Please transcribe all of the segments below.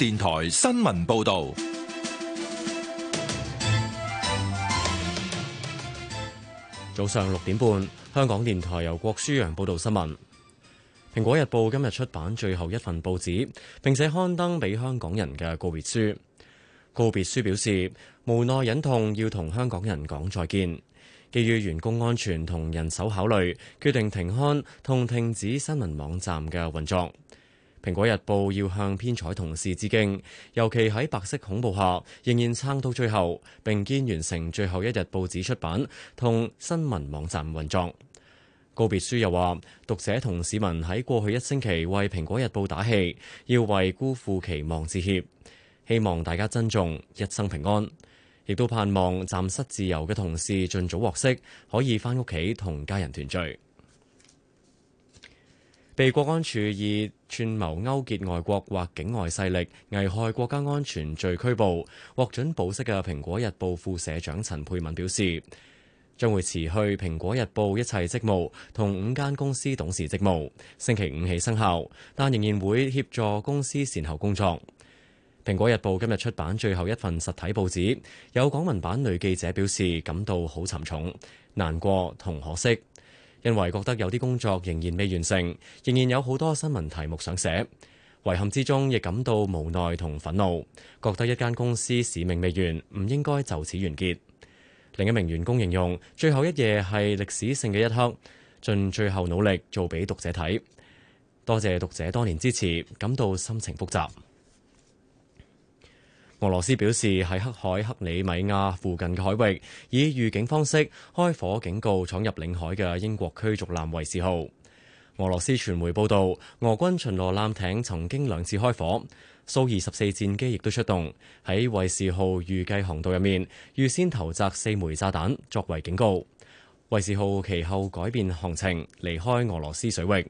電台新聞報道，早上六點半，香港電台由郭書陽報道新聞。蘋果日報今日出版最後一份報紙，並且刊登俾香港人嘅告別書。告別書表示無奈忍痛要同香港人講再見，基於員工安全同人手考慮，決定停刊同停止新聞網站嘅運作。蘋果日報要向編採同事致敬，尤其喺白色恐怖下，仍然撐到最後，並肩完成最後一日報紙出版同新聞網站運作。告別書又話，讀者同市民喺過去一星期為蘋果日報打氣，要為辜負期望致歉，希望大家珍重，一生平安，亦都盼望暫失自由嘅同事盡早獲釋，可以翻屋企同家人團聚。被國安處以串謀勾結外國或境外勢力、危害國家安全罪拘捕，獲准保釋嘅《蘋果日報》副社長陳沛敏表示，將會辭去《蘋果日報》一切職務同五間公司董事職務，星期五起生效，但仍然會協助公司善後工作。《蘋果日報》今日出版最後一份實體報紙，有港聞版女記者表示感到好沉重、難過同可惜。因為覺得有啲工作仍然未完成，仍然有好多新聞題目想寫，遺憾之中亦感到無奈同憤怒，覺得一間公司使命未完，唔應該就此完結。另一名員工形容最後一夜係歷史性嘅一刻，盡最後努力做俾讀者睇，多謝讀者多年支持，感到心情複雜。俄羅斯表示喺黑海克里米亞附近嘅海域，以預警方式開火警告闖入領海嘅英國驅逐艦衛士號。俄羅斯傳媒報道，俄軍巡邏艦艇曾經兩次開火，蘇24戰機亦都出動喺衛士號預計航道入面，預先投擲四枚炸彈作為警告。衛士號其後改變航程，離開俄羅斯水域。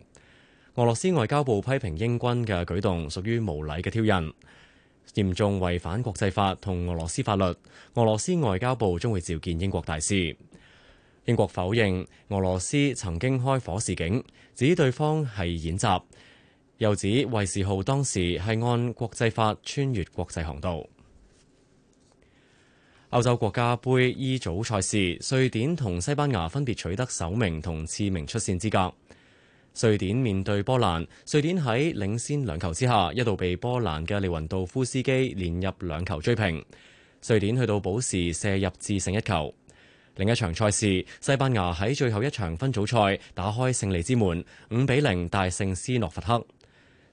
俄羅斯外交部批評英軍嘅舉動屬於無禮嘅挑釁，嚴重違反國際法同俄羅斯法律，俄羅斯外交部將會召見英國大使。英國否認俄羅斯曾經開火示警，指對方係演習，又指衛士號當時係按國際法穿越國際航道。歐洲國家杯 E 組賽事，瑞典同西班牙分別取得首名同次名出線資格。瑞典面對波蘭，瑞典喺領先兩球之下，一度被波蘭嘅利雲道夫斯基連入兩球追平。瑞典去到補時射入致勝一球。另一場賽事，西班牙喺最後一場分組賽打開勝利之門，五比零大勝斯洛伐克。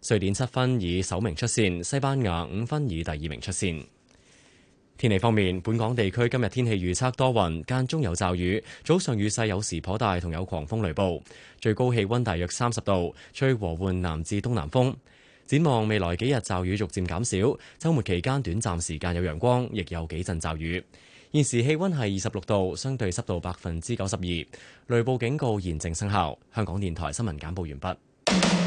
瑞典七分以首名出線，西班牙五分以第二名出線。天氣方面，本港地區今日天氣預測多雲，間中有驟雨。早上雨勢有時頗大，同有狂風雷暴。最高氣溫大約三十度，吹和緩南至東南風。展望未來幾日驟雨逐漸減少，週末期間短暫時間有陽光，亦有幾陣驟雨。現時氣溫係二十六度，相對濕度百分之九十二，雷暴警告現正生效。香港電台新聞簡報完畢。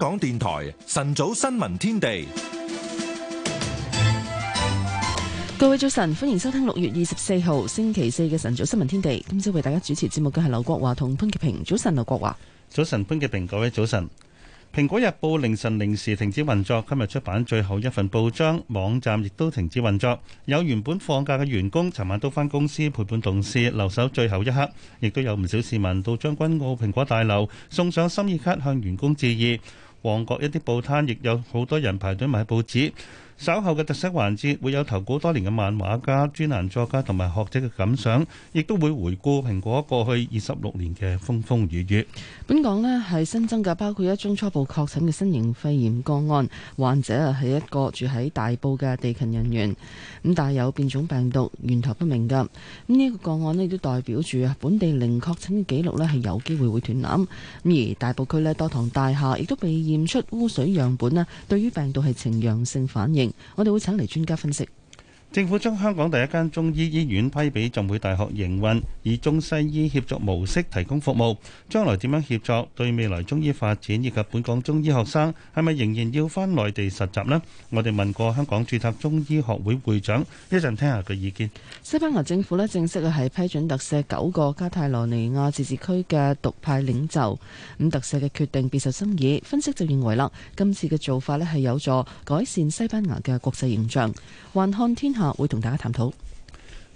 港電台晨早新聞天地，各位早晨，歡迎收聽六月二十四號星期四嘅晨早新聞天地。今朝為大家主持節目嘅係劉國華同潘潔平。早晨，劉國華，早晨，潘潔平。各位早晨。蘋果日報凌晨零時停止運作，今日出版最後一份報章，網站亦都停止運作。有原本放假嘅員工尋晚都返公司陪伴同事留守最後一刻，亦都有唔少市民到將軍澳蘋果大樓送上心意卡向員工致意。旺角一啲報攤亦有好多人排隊買報紙。稍後嘅特色環節會有投稿多年嘅漫畫家、專欄作家同埋學者嘅感想，亦都會回顧蘋果過去二十六年嘅風風雨雨。本港呢係新增嘅包括一宗初步確診嘅新型肺炎個案，患者啊係一個住喺大埔嘅地勤人員，咁但係有變種病毒源頭不明嘅，咁呢一個個案呢都代表住本地零確診嘅記錄呢係有機會會斷纜，咁而大埔區呢多幢大廈亦都被驗出污水樣本呢對於病毒係呈陽性反應。我哋會請嚟專家分析。政府將香港第一間中醫醫院批俾浸會大學營運，以中西醫協作模式提供服務。將來點樣協作？對未來中醫發展以及本港中醫學生，係咪仍然要翻內地實習呢？我哋問過香港註冊中醫學會會長，一陣聽下佢意見。西班牙政府咧正式嘅係批准特赦九個加泰羅尼亞自治區嘅獨派領袖。咁特赦嘅決定別有深意，分析就認為啦，今次嘅做法咧係有助改善西班牙嘅國際形象。還看天下。會同大家探討，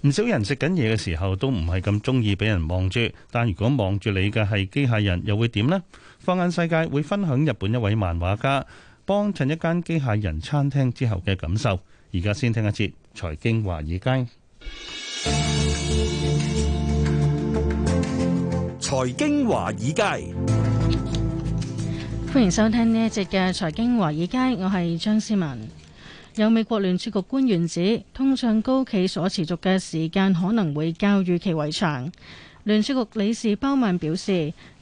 唔少人食緊嘢嘅時候都唔係咁中意俾人望住，但如果望住你嘅係機械人，又會點呢？放眼世界，會分享日本一位漫畫家幫襯一間機械人餐廳之後嘅感受。而家先聽一節《財經華爾街》。財經華爾街，歡迎收聽呢一節嘅《財經華爾街》，我係張思文。有美國聯儲局官員指，通脹高企所持續嘅時間可能會較預期為長。聯儲局理事鮑曼表示，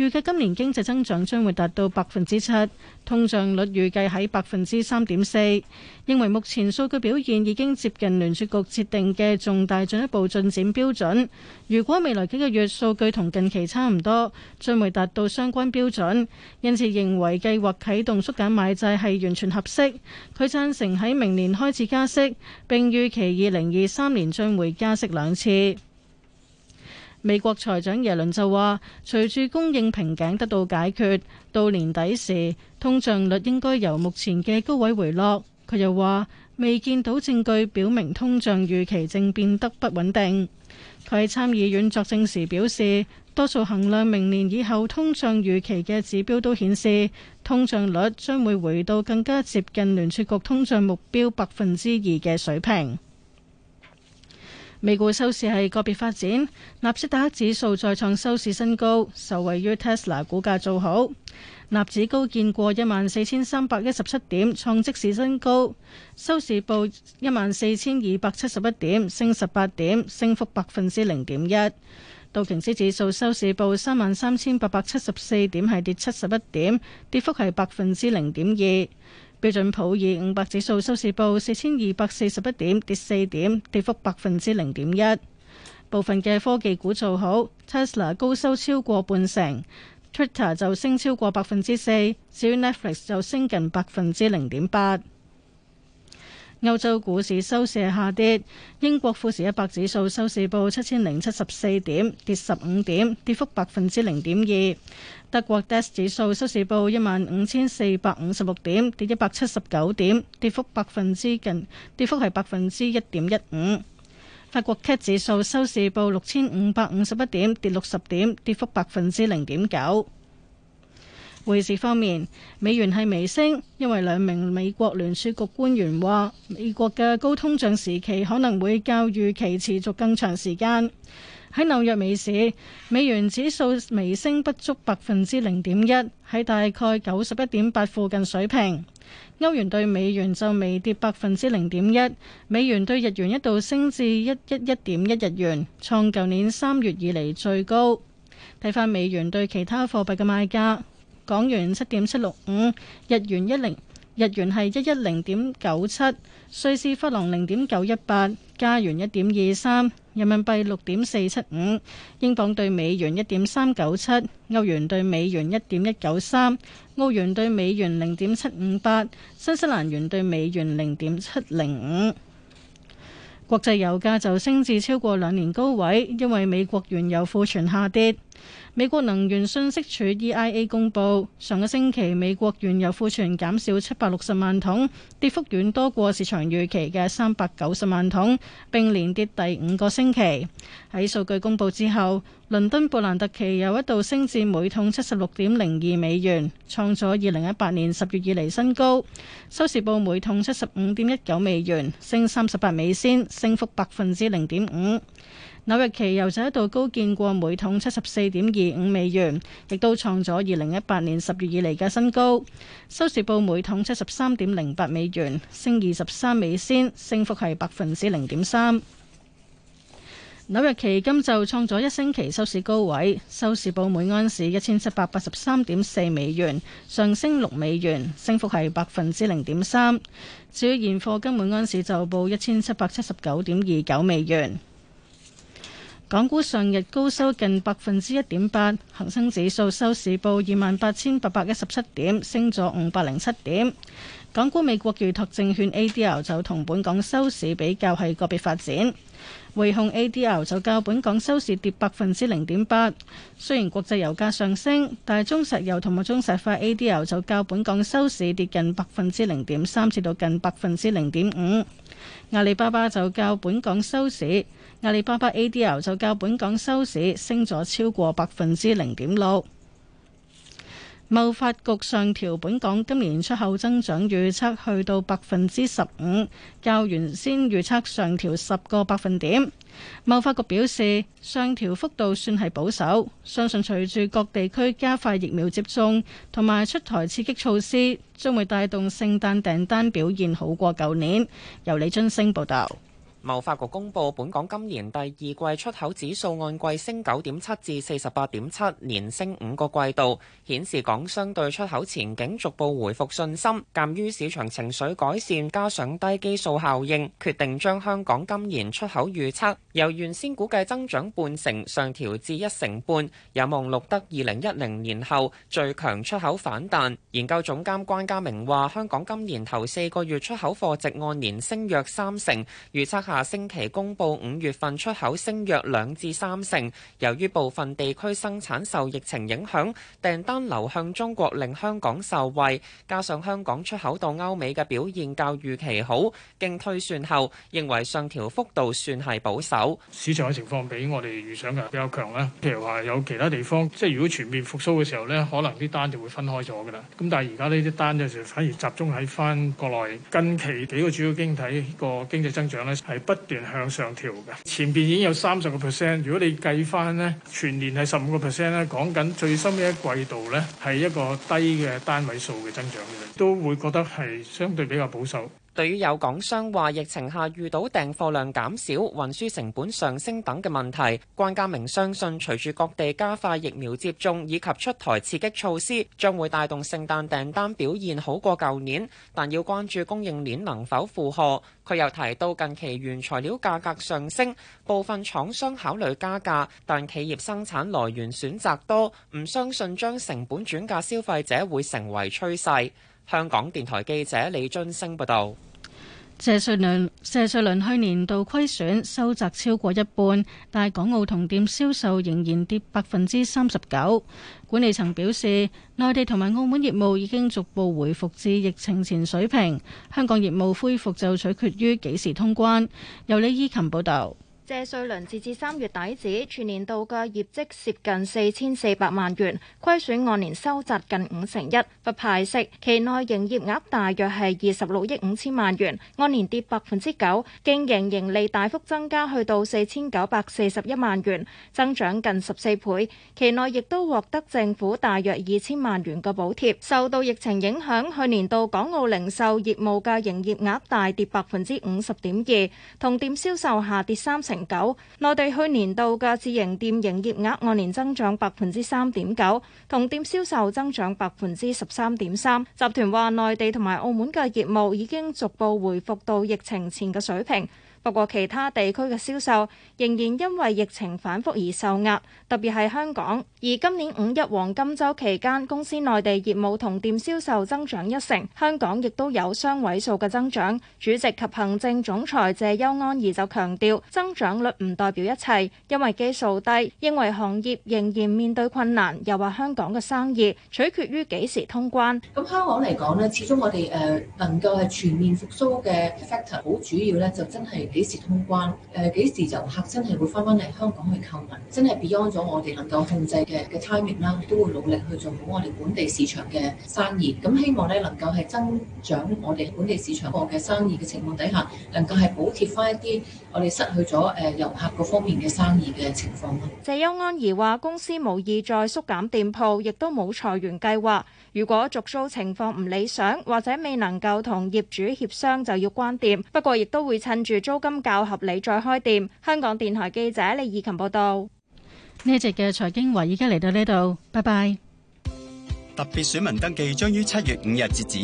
預計今年經濟增長將會達到百分之七，通脹率預計喺百分之三點四。認為目前數據表現已經接近聯儲局設定嘅重大進一步進展標準。如果未來幾個月數據同近期差唔多，將會達到相關標準，因此認為計劃啟動縮減買債係完全合適。佢贊成喺明年開始加息，並預期二零二三年將會加息兩次。美國財長耶倫就話，隨住供應瓶頸得到解決，到年底時，通脹率應該由目前嘅高位回落。佢又話，未見到證據表明通脹預期正變得不穩定。佢喺參議院作證時表示，多數衡量明年以後通脹預期嘅指標都顯示，通脹率將會回到更加接近聯儲局通脹目標百分之二嘅水平。美股收市係個別發展，納斯達克指數再創收市新高，受惠於 Tesla 股價做好。納指高見過一萬四千三百一十七點，創即市新高，收市報一萬四千二百七十一點，升十八點，升幅百分之零點一。道瓊斯指數收市報三萬三千八百七十四點，係跌七十一點，跌幅係百分之零點二。標準普爾五百指數收市報四千二百四十一點，跌四點，跌幅百分之零點一。部分嘅科技股做好，Tesla 高收超過半成，Twitter 就升超過百分之四，至於 Netflix 就升近百分之零點八。歐洲股市收市下跌，英國富時一百指數收市報七千零七十四點，跌十五點，跌幅百分之零點二。德國 DAX 指數收市報一萬五千四百五十六點，跌一百七十九點，跌幅百分之近，跌幅係百分之一點一五。法國 CAC 指數收市報六千五百五十一點，跌六十點，跌幅百分之零點九。匯市方面，美元係微升，因為兩名美國聯儲局官員話，美國嘅高通脹時期可能會較預期持續更長時間。喺紐約美市，美元指數微升不足百分之零點一，喺大概九十一點八附近水平。歐元對美元就微跌百分之零點一。美元對日元一度升至一一一點一日元，創舊年三月以嚟最高。睇翻美元對其他貨幣嘅賣價，港元七點七六五，日元一零日元係一一零點九七，瑞士法郎零點九一八，加元一點二三。人民幣六點四七五，英鎊兌美元一點三九七，歐元兌美元一點一九三，澳元兌美元零點七五八，新西蘭元兌美元零點七零五。國際油價就升至超過兩年高位，因為美國原油庫存下跌。美國能源信息署 （EIA） 公布，上個星期美國原油庫存減少七百六十萬桶，跌幅遠多過市場預期嘅三百九十萬桶，並連跌第五個星期。喺數據公布之後，倫敦布蘭特期油一度升至每桶七十六點零二美元，創咗二零一八年十月以嚟新高。收市報每桶七十五點一九美元，升三十八美仙，升幅百分之零點五。紐約期油就一度高見過每桶七十四點二五美元，亦都創咗二零一八年十月以嚟嘅新高。收市報每桶七十三點零八美元，升二十三美仙，升幅係百分之零點三。紐約期金就創咗一星期收市高位，收市報每安士一千七百八十三點四美元，上升六美元，升幅係百分之零點三。至於現貨金每安士就報一千七百七十九點二九美元。港股上日高收近百分之一點八，恒生指數收市報二萬八千八百一十七點，升咗五百零七點。港股美國預託證券 A.D.L 就同本港收市比較係個別發展，匯控 A.D.L 就較本港收市跌百分之零點八。雖然國際油價上升，但中石油同埋中石化 A.D.L 就較本港收市跌近百分之零點三，至到近百分之零點五。阿里巴巴就較本港收市。阿里巴巴 A.D.O 就較本港收市升咗超過百分之零點六。貿發局上調本港今年出口增長預測去到百分之十五，較原先預測上調十個百分點。貿發局表示，上調幅度算係保守，相信隨住各地區加快疫苗接種同埋出台刺激措施，將會帶動聖誕訂單表現好過舊年。由李津升報道。貿發局公布本港今年第二季出口指數按季升九點七至四十八點七，年升五個季度，顯示港商對出口前景逐步回復信心。鑑於市場情緒改善，加上低基數效應，決定將香港今年出口預測由原先估計增長半成，上調至一成半，有望錄得二零一零年後最強出口反彈。研究總監關家明話：香港今年頭四個月出口貨值按年升約三成，預測。下星期公布五月份出口升約兩至三成，由於部分地區生產受疫情影響，訂單流向中國令香港受惠，加上香港出口到歐美嘅表現較預期好，經推算後認為上調幅度算係保守。市場嘅情況比我哋預想嘅比較強啦，譬如話有其他地方，即係如果全面復甦嘅時候咧，可能啲單就會分開咗噶啦。咁但係而家呢啲單就反而集中喺翻國內。近期幾個主要經濟體個經濟增長咧係。不斷向上調嘅，前邊已經有三十個 percent。如果你計翻咧，全年係十五個 percent 咧，講緊最新嘅一季度咧，係一個低嘅單位數嘅增長嘅，都會覺得係相對比較保守。對於有港商話疫情下遇到訂貨量減少、運輸成本上升等嘅問題，關家明相信，隨住各地加快疫苗接種以及出台刺激措施，將會帶動聖誕訂單表現好過舊年。但要關注供應鏈能否負荷。佢又提到近期原材料價格上升，部分廠商考慮加價，但企業生產來源選擇多，唔相信將成本轉嫁消費者會成為趨勢。香港電台記者李津升報道。謝瑞麟，謝瑞麟去年度虧損收窄超過一半，但港澳同店銷售仍然跌百分之三十九。管理層表示，內地同埋澳門業務已經逐步回復至疫情前水平，香港業務恢復就取決於幾時通關。由李依琴報道。謝瑞麟截至三月底止，全年度嘅業績蝕近四千四百萬元，虧損按年收窄近五成一，不派息，期內營業額大約係二十六億五千萬元，按年跌百分之九，經營盈利大幅增加去到四千九百四十一萬元，增長近十四倍。期內亦都獲得政府大約二千萬元嘅補貼。受到疫情影響，去年度港澳零售業務嘅營業額大跌百分之五十點二，同店銷售下跌三成九，內地去年度嘅自營店營業額按年增長百分之三點九，同店銷售增長百分之十三點三。集團話，內地同埋澳門嘅業務已經逐步回復到疫情前嘅水平。不過其他地區嘅銷售仍然因為疫情反覆而受壓，特別係香港。而今年五一黃金週期間，公司內地業務同店銷售增長一成，香港亦都有雙位數嘅增長。主席及行政總裁謝邱安怡就強調，增長率唔代表一切，因為基數低，認為行業仍然面對困難。又話香港嘅生意取決於幾時通關。咁香港嚟講呢始終我哋誒能夠係全面復甦嘅 factor 好主要呢就真係。幾時通關？誒幾時遊客真係會翻返嚟香港去購物，真係 beyond 咗我哋能夠控制嘅嘅 timing 啦，都會努力去做好我哋本地市場嘅生意。咁希望咧能夠係增長我哋本地市場個嘅生意嘅情況底下，能夠係補貼翻一啲我哋失去咗誒遊客嗰方面嘅生意嘅情況啦。謝邱安儀話公司無意再縮減店鋪，亦都冇裁員計劃，如果續租情況唔理想，或者未能夠同業主協商就要關店。不過亦都會趁住租。金較合理再開店。香港電台記者李怡琴報道。呢一節嘅財經話已經嚟到呢度，拜拜。特別選民登記將於七月五日截止，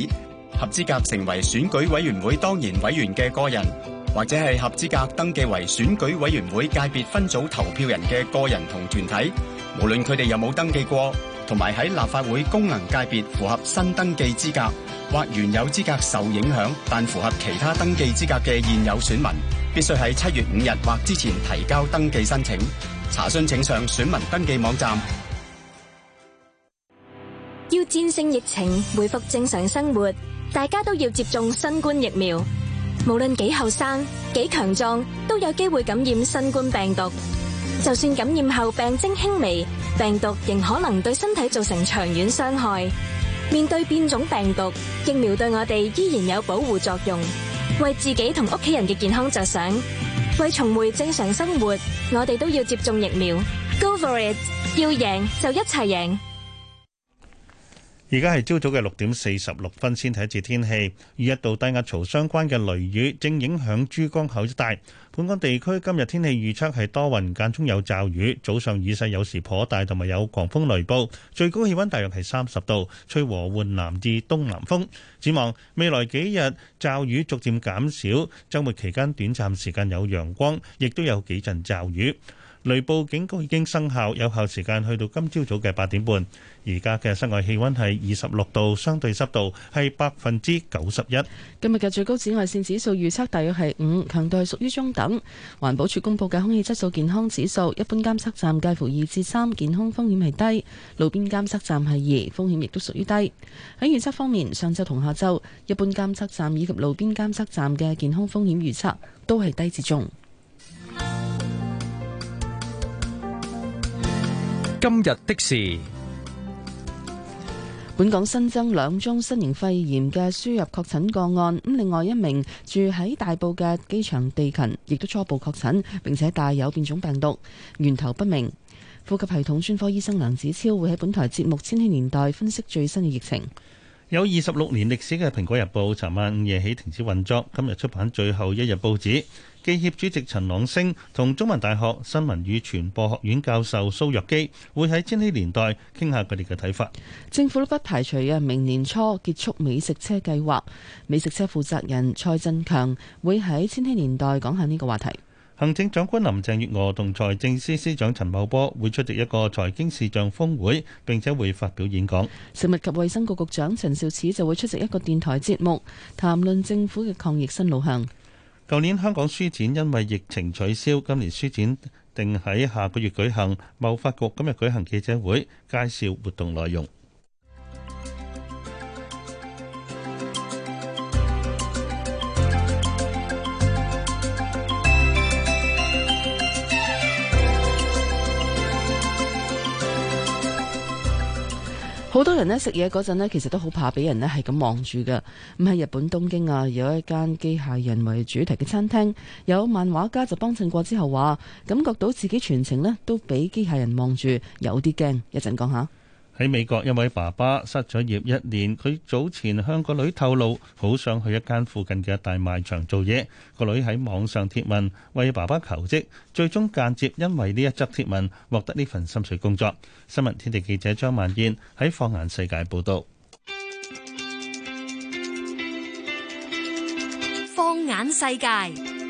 合資格成為選舉委員會當然委員嘅個人，或者係合資格登記為選舉委員會界別分組投票人嘅個人同團體，無論佢哋有冇登記過，同埋喺立法會功能界別符合新登記資格或原有資格受影響但符合其他登記資格嘅現有選民，必須喺七月五日或之前提交登記申請。查詢請上選民登記網站。要戰勝疫情、恢復正常生活，大家都要接種新冠疫苗。無論幾後生、幾強壯，都有機會感染新冠病毒。，就算感染後病徵輕微，病毒仍可能對身體造成長遠傷害。面對變種病毒，疫苗對我哋依然有保護作用。為自己同屋企人嘅健康着想，為重回正常生活，我哋都要接種疫苗。Go for it！要贏，而家係朝早嘅六點四十六分，先睇一次天氣。與一道低壓槽相關嘅雷雨，正影響珠江口一帶。本港地區今日天氣預測係多雲間中有驟雨，早上雨勢有時頗大，同埋有狂風雷暴。最高氣温大約係三十度，吹和緩南至東南風。展望未來幾日，驟雨逐漸減少，周末期間短暫時間有陽光，亦都有幾陣驟雨。雷暴警告已經生效，有效時間去到今朝早嘅八點半。而家嘅室外氣温係二十六度，相對濕度係百分之九十一。今日嘅最高紫外線指數預測大約係五，強度係屬於中等。環保署公布嘅空氣質素健康指數，一般監測站介乎二至三，健康風險係低；路邊監測站係二，風險亦都屬於低。喺預測方面，上晝同下晝，一般監測站以及路邊監測站嘅健康風險預測都係低至中。今日的事，本港新增兩宗新型肺炎嘅輸入確診個案，咁另外一名住喺大埔嘅機場地勤亦都初步確診，並且帶有變種病毒，源頭不明。呼吸系統專科醫生梁子超會喺本台節目《千禧年代》分析最新嘅疫情。有二十六年歷史嘅《蘋果日報》尋晚午夜起停止運作，今日出版最後一日報紙。記協主席陳朗昇同中文大學新聞與傳播學院教授蘇若基會喺千禧年代傾下佢哋嘅睇法。政府都不排除啊，明年初結束美食車計劃。美食車負責人蔡振強會喺千禧年代講下呢個話題。行政長官林鄭月娥同財政司司長陳茂波會出席一個財經視像峰會，並且會發表演講。食物及衛生局局長陳肇始就會出席一個電台節目，談論政府嘅抗疫新路向。舊年香港書展因為疫情取消，今年書展定喺下個月舉行。貿發局今日舉行記者會，介紹活動內容。好多人呢食嘢嗰陣呢，其實都好怕俾人呢係咁望住㗎。咁喺日本東京啊，有一間機械人為主題嘅餐廳，有漫畫家就幫襯過之後話，感覺到自己全程呢都俾機械人望住，有啲驚。一陣講下。喺美國，一位爸爸失咗業一年，佢早前向個女透露，好想去一間附近嘅大賣場做嘢。個女喺網上貼文為爸爸求職，最終間接因為呢一則貼文獲得呢份心水工作。新聞天地記者張萬燕喺放眼世界報道。放眼世界。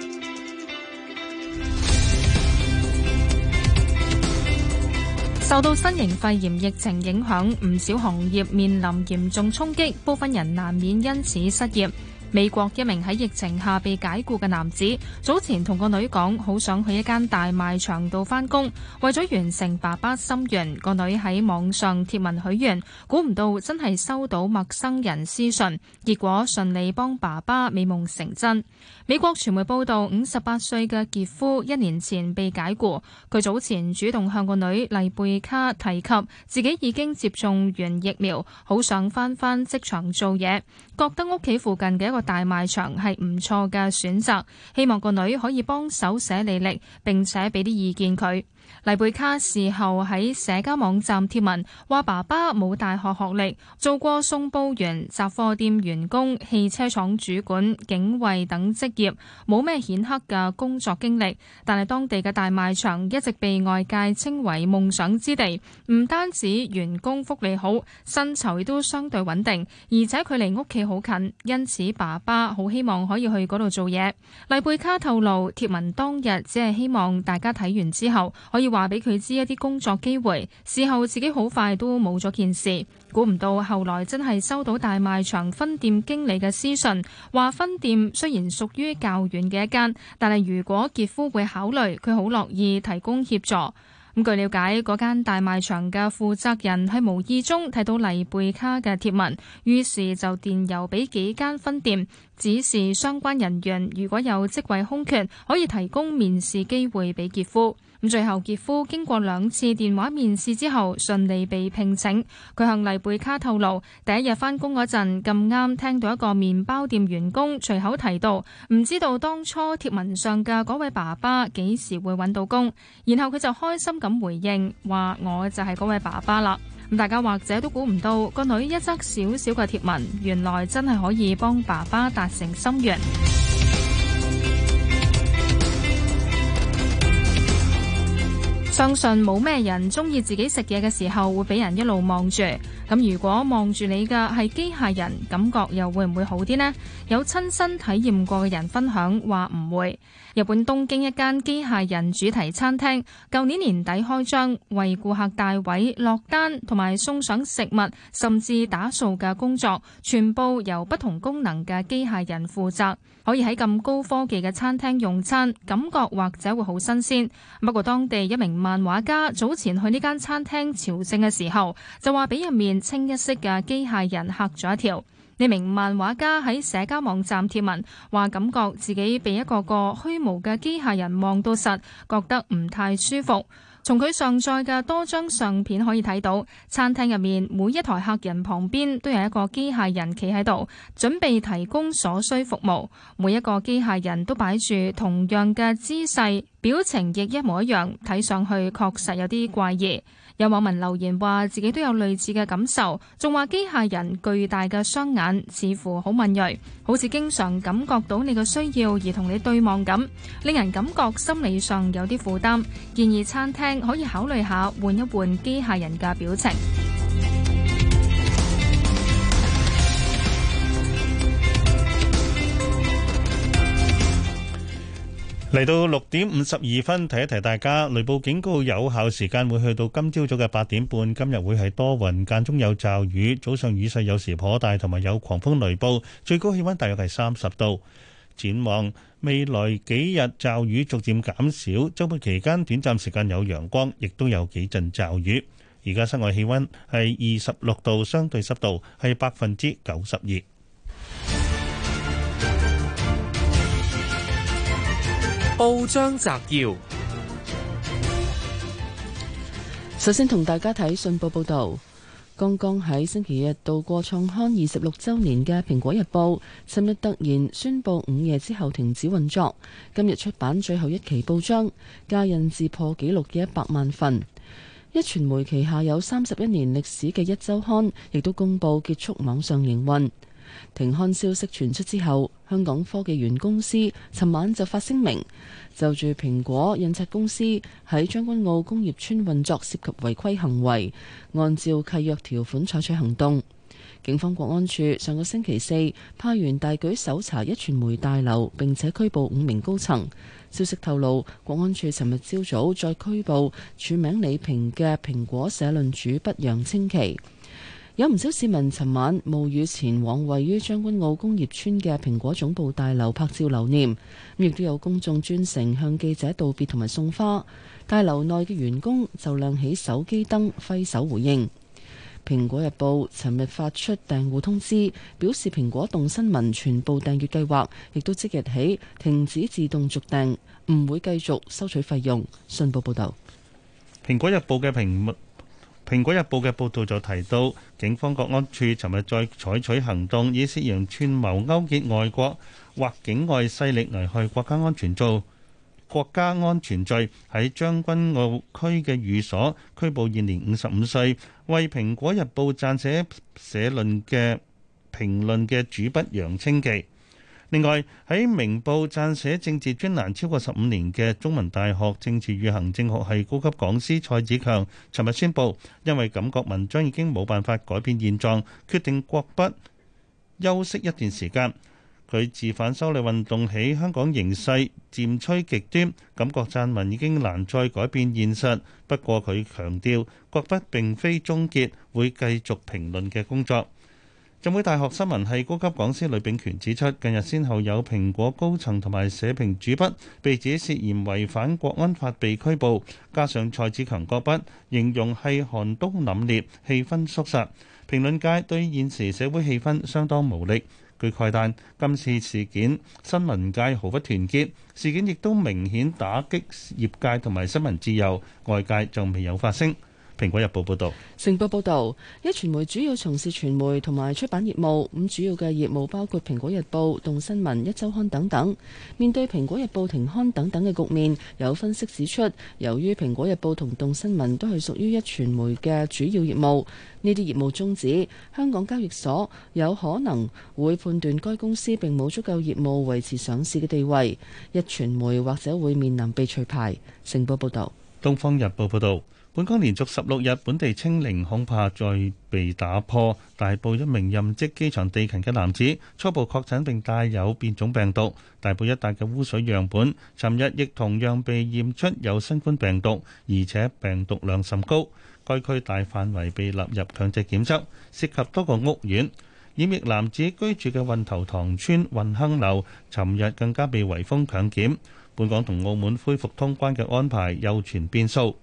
受到新型肺炎疫情影響，唔少行業面臨嚴重衝擊，部分人難免因此失業。美國一名喺疫情下被解雇嘅男子，早前同個女講好想去一間大賣場度翻工，為咗完成爸爸心願，個女喺網上貼文許願，估唔到真係收到陌生人私信，結果順利幫爸爸美夢成真。美國傳媒報道，五十八歲嘅傑夫一年前被解雇，佢早前主動向個女麗貝卡提及自己已經接種完疫苗，好想翻翻職場做嘢，覺得屋企附近嘅一個大賣場係唔錯嘅選擇，希望個女可以幫手寫履歷，並且俾啲意見佢。黎貝卡事後喺社交網站貼文，話爸爸冇大學學歷，做過送報員、雜貨店員工、汽車廠主管、警衛等職業，冇咩顯赫嘅工作經歷。但係當地嘅大賣場一直被外界稱為夢想之地，唔單止員工福利好，薪酬亦都相對穩定，而且距離屋企好近，因此爸爸好希望可以去嗰度做嘢。黎貝卡透露，貼文當日只係希望大家睇完之後，可以話俾佢知一啲工作機會，事後自己好快都冇咗件事。估唔到後來真係收到大賣場分店經理嘅私信，話分店雖然屬於較遠嘅一間，但係如果傑夫會考慮，佢好樂意提供協助。咁據了解，嗰間大賣場嘅負責人喺無意中睇到黎貝卡嘅貼文，於是就電郵俾幾間分店，指示相關人員如果有職位空缺，可以提供面試機會俾傑夫。咁最後傑夫經過兩次電話面試之後，順利被聘請。佢向麗貝卡透露，第一日返工嗰陣咁啱聽到一個麵包店員工隨口提到，唔知道當初貼文上嘅嗰位爸爸幾時會揾到工。然後佢就開心咁回應，話我就係嗰位爸爸啦。咁大家或者都估唔到，個女一則小小嘅貼文，原來真係可以幫爸爸達成心願。相信冇咩人中意自己食嘢嘅時候會俾人一路望住。咁如果望住你嘅係機械人，感覺又會唔會好啲呢？有親身體驗過嘅人分享話唔會。日本東京一間機械人主題餐廳，舊年年底開張，為顧客帶位、落單同埋送上食物，甚至打掃嘅工作，全部由不同功能嘅機械人負責。可以喺咁高科技嘅餐廳用餐，感覺或者會好新鮮。不過當地一名漫畫家早前去呢間餐廳朝聖嘅時候，就話俾入面清一色嘅機械人嚇咗一跳。呢名漫畫家喺社交網站貼文，話感覺自己被一個個虛無嘅機械人望到實，覺得唔太舒服。從佢上載嘅多張相片可以睇到，餐廳入面每一台客人旁邊都有一個機械人企喺度，準備提供所需服務。每一個機械人都擺住同樣嘅姿勢，表情亦一模一樣，睇上去確實有啲怪異。有網民留言話，自己都有類似嘅感受，仲話機械人巨大嘅雙眼似乎好敏銳，好似經常感覺到你嘅需要而同你對望咁，令人感覺心理上有啲負擔，建議餐廳可以考慮下換一換機械人嘅表情。嚟到六點五十二分，提一提大家，雷暴警告有效時間會去到今朝早嘅八點半。今日會係多雲，間中有驟雨，早上雨勢有時頗大，同埋有狂風雷暴。最高氣溫大約係三十度。展望未來幾日，驟雨逐漸減少，周末期間短暫時間有陽光，亦都有幾陣驟雨。而家室外氣溫係二十六度，相對濕度係百分之九十二。報章摘要，首先同大家睇信報報道，剛剛喺星期日度過創刊二十六周年嘅《蘋果日報》，尋日突然宣布午夜之後停止運作，今日出版最後一期報章，加印至破紀錄嘅一百萬份。壹傳媒旗下有三十一年歷史嘅壹周刊，亦都公布結束網上營運。停刊消息傳出之後，香港科技園公司尋晚就發聲明，就住蘋果印刷公司喺將軍澳工業村運作涉及違規行為，按照契約條款採取行動。警方國安處上個星期四派員大舉搜查壹傳媒大樓，並且拘捕五名高層。消息透露，國安處尋日朝早再拘捕署名李平嘅蘋果社論主筆楊清奇。有唔少市民尋晚冒雨前往位於將軍澳工業村嘅蘋果總部大樓拍照留念，亦都有公眾專程向記者道別同埋送花。大樓內嘅員工就亮起手機燈揮手回應。蘋果日報尋日發出訂戶通知，表示蘋果動新聞全部訂閱計劃亦都即日起停止自動續訂，唔會繼續收取費用。信報報道：蘋果日報嘅屏幕。《蘋果日報》嘅報導就提到，警方國安處尋日再採取行動，以涉嫌串謀勾結外國或境外勢力危害國家安全罪，國家安全罪，喺將軍澳區嘅寓所拘捕現年五十五歲為《蘋果日報》撰寫社論嘅評論嘅主筆楊清記。另外，喺《明報》撰寫政治專欄超過十五年嘅中文大學政治與行政學系高級講師蔡子強，尋日宣布因為感覺文章已經冇辦法改變現狀，決定擱筆休息一段時間。佢自反修例運動起，香港形勢漸趨極端，感覺撰文已經難再改變現實。不過佢強調，擱筆並非終結，會繼續評論嘅工作。浸會大學新聞系高級講師呂秉權指出，近日先後有蘋果高層同埋社評主筆被指涉嫌違反國安法被拘捕，加上蔡子強擱筆，形容係寒冬凜冽，氣氛肅殺。評論界對現時社會氣氛相當無力。佢慨嘆，今次事件新聞界毫不團結，事件亦都明顯打擊業界同埋新聞自由，外界仲未有發聲。《蘋果日報》報導，《成報》報導，壹傳媒主要從事傳媒同埋出版業務，咁主要嘅業務包括《蘋果日報》、《動新聞》、《壹周刊》等等。面對《蘋果日報》停刊等等嘅局面，有分析指出，由於《蘋果日報》同《動新聞》都係屬於壹傳媒嘅主要業務，呢啲業務中止，香港交易所有可能會判斷該公司並冇足夠業務維持上市嘅地位，壹傳媒或者會面臨被除牌。《成報》報導，《東方日報》報導。本港連續十六日本地清零，恐怕再被打破。大埔一名任職機場地勤嘅男子初步確診並帶有變種病毒。大埔一帶嘅污水樣本，尋日亦同樣被驗出有新冠病毒，而且病毒量甚高。該區大範圍被納入強制檢測，涉及多個屋苑。染疫男子居住嘅運頭塘村運亨樓，尋日更加被圍封強檢。本港同澳門恢復通關嘅安排又傳變數。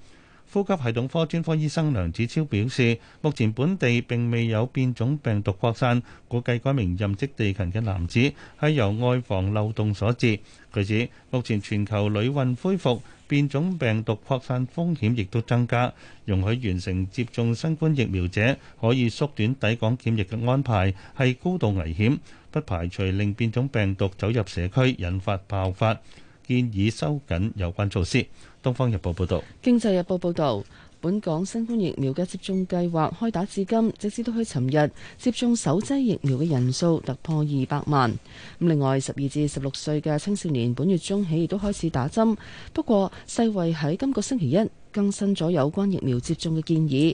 呼吸系統科專科醫生梁子超表示，目前本地並未有變種病毒擴散，估計該名任職地勤嘅男子係由外防漏洞所致。據指，目前全球旅運恢復，變種病毒擴散風險亦都增加。容許完成接種新冠疫苗者可以縮短抵港檢疫嘅安排，係高度危險，不排除令變種病毒走入社區，引發爆發。建議收緊有關措施。《東方日報》報導，《經濟日報》報導，本港新冠疫苗嘅接種計劃開打至今，直至到去尋日，接種首劑疫苗嘅人數突破二百萬。咁另外，十二至十六歲嘅青少年，本月中起亦都開始打針。不過，世衛喺今個星期一更新咗有關疫苗接種嘅建議。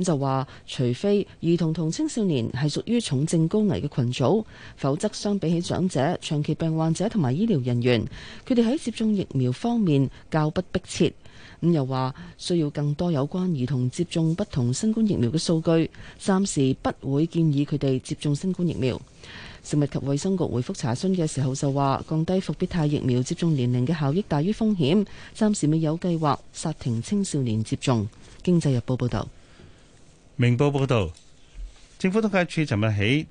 咁就話，除非兒童同青少年係屬於重症高危嘅群組，否則相比起長者、長期病患者同埋醫療人員，佢哋喺接種疫苗方面較不迫切。咁又話需要更多有關兒童接種不同新冠疫苗嘅數據，暫時不會建議佢哋接種新冠疫苗。食物及衛生局回覆查詢嘅時候就話，降低復必泰疫苗接種年齡嘅效益大於風險，暫時未有計劃剎停青少年接種。經濟日報報道。明報報導：政府統計處尋日起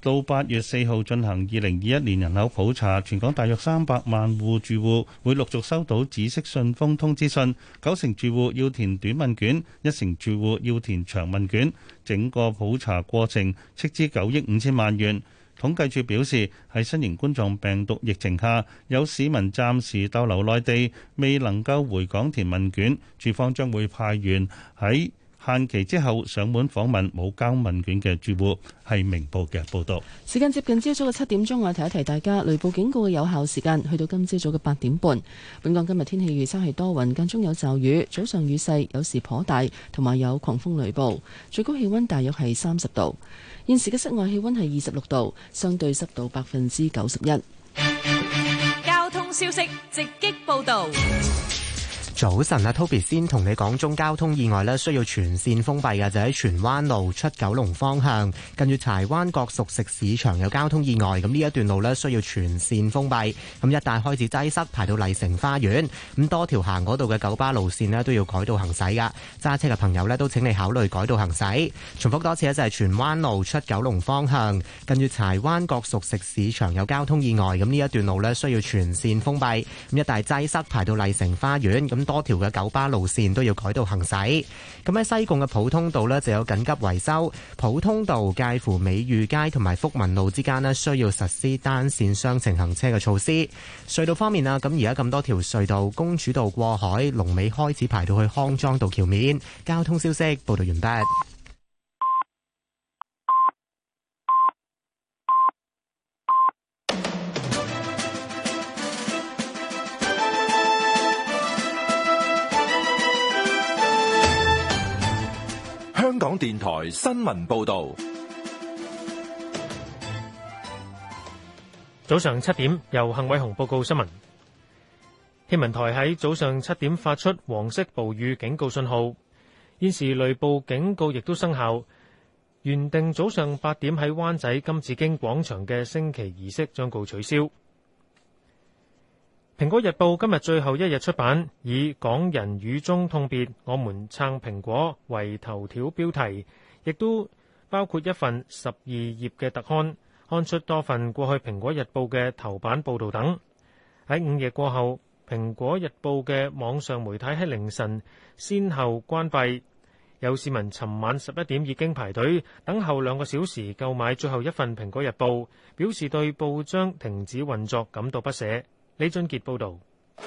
到八月四號進行二零二一年人口普查，全港大約三百萬戶住戶會陸續收到紫色信封通知信，九成住戶要填短問卷，一成住戶要填長問卷。整個普查過程斥資九億五千萬元。統計處表示，喺新型冠狀病毒疫情下，有市民暫時逗留內地，未能夠回港填問卷，處方將會派員喺限期之後上門訪問冇交問卷嘅住戶，係明報嘅報導。時間接近朝早嘅七點鐘，我提一提大家雷暴警告嘅有效時間去到今朝早嘅八點半。本港今日天氣預測係多雲，間中有驟雨，早上雨勢有時頗大，同埋有狂風雷暴，最高氣温大約係三十度。現時嘅室外氣温係二十六度，相對濕度百分之九十一。交通消息直擊報導。早晨啊，Toby 先同你講，中交通意外咧需要全綫封閉嘅就喺、是、荃灣路出九龍方向，近住柴灣角熟食市場有交通意外，咁呢一段路咧需要全綫封閉，咁一帶開始擠塞，排到麗城花園，咁多條行嗰度嘅九巴路綫呢，都要改道行駛噶，揸車嘅朋友呢，都請你考慮改道行駛。重複多次咧就係、是、荃灣路出九龍方向，近住柴灣角熟食市場有交通意外，咁呢一段路咧需要全綫封閉，咁一帶擠塞，排到麗城花園，咁。多條嘅九巴路線都要改道行駛，咁喺西貢嘅普通道呢，就有緊急維修，普通道介乎美裕街同埋福民路之間呢，需要實施單線雙程行車嘅措施。隧道方面啊，咁而家咁多條隧道，公主道過海、龍尾開始排到去康莊道橋面。交通消息報道完畢。香港電台新聞報道，早上七點由幸偉雄報告新聞。天文台喺早上七點發出黃色暴雨警告信號，現時雷暴警告亦都生效。原定早上八點喺灣仔金紫荊廣場嘅升旗儀式將告取消。《蘋果日報》今日最後一日出版，以“港人雨中痛別，我們撐蘋果”為頭條標題，亦都包括一份十二頁嘅特刊，刊出多份過去《蘋果日報》嘅頭版報道等。喺午夜過後，《蘋果日報》嘅網上媒體喺凌晨先後關閉。有市民尋晚十一點已經排隊等候兩個小時購買最後一份《蘋果日報》，表示對報章停止運作感到不捨。李俊傑報道，《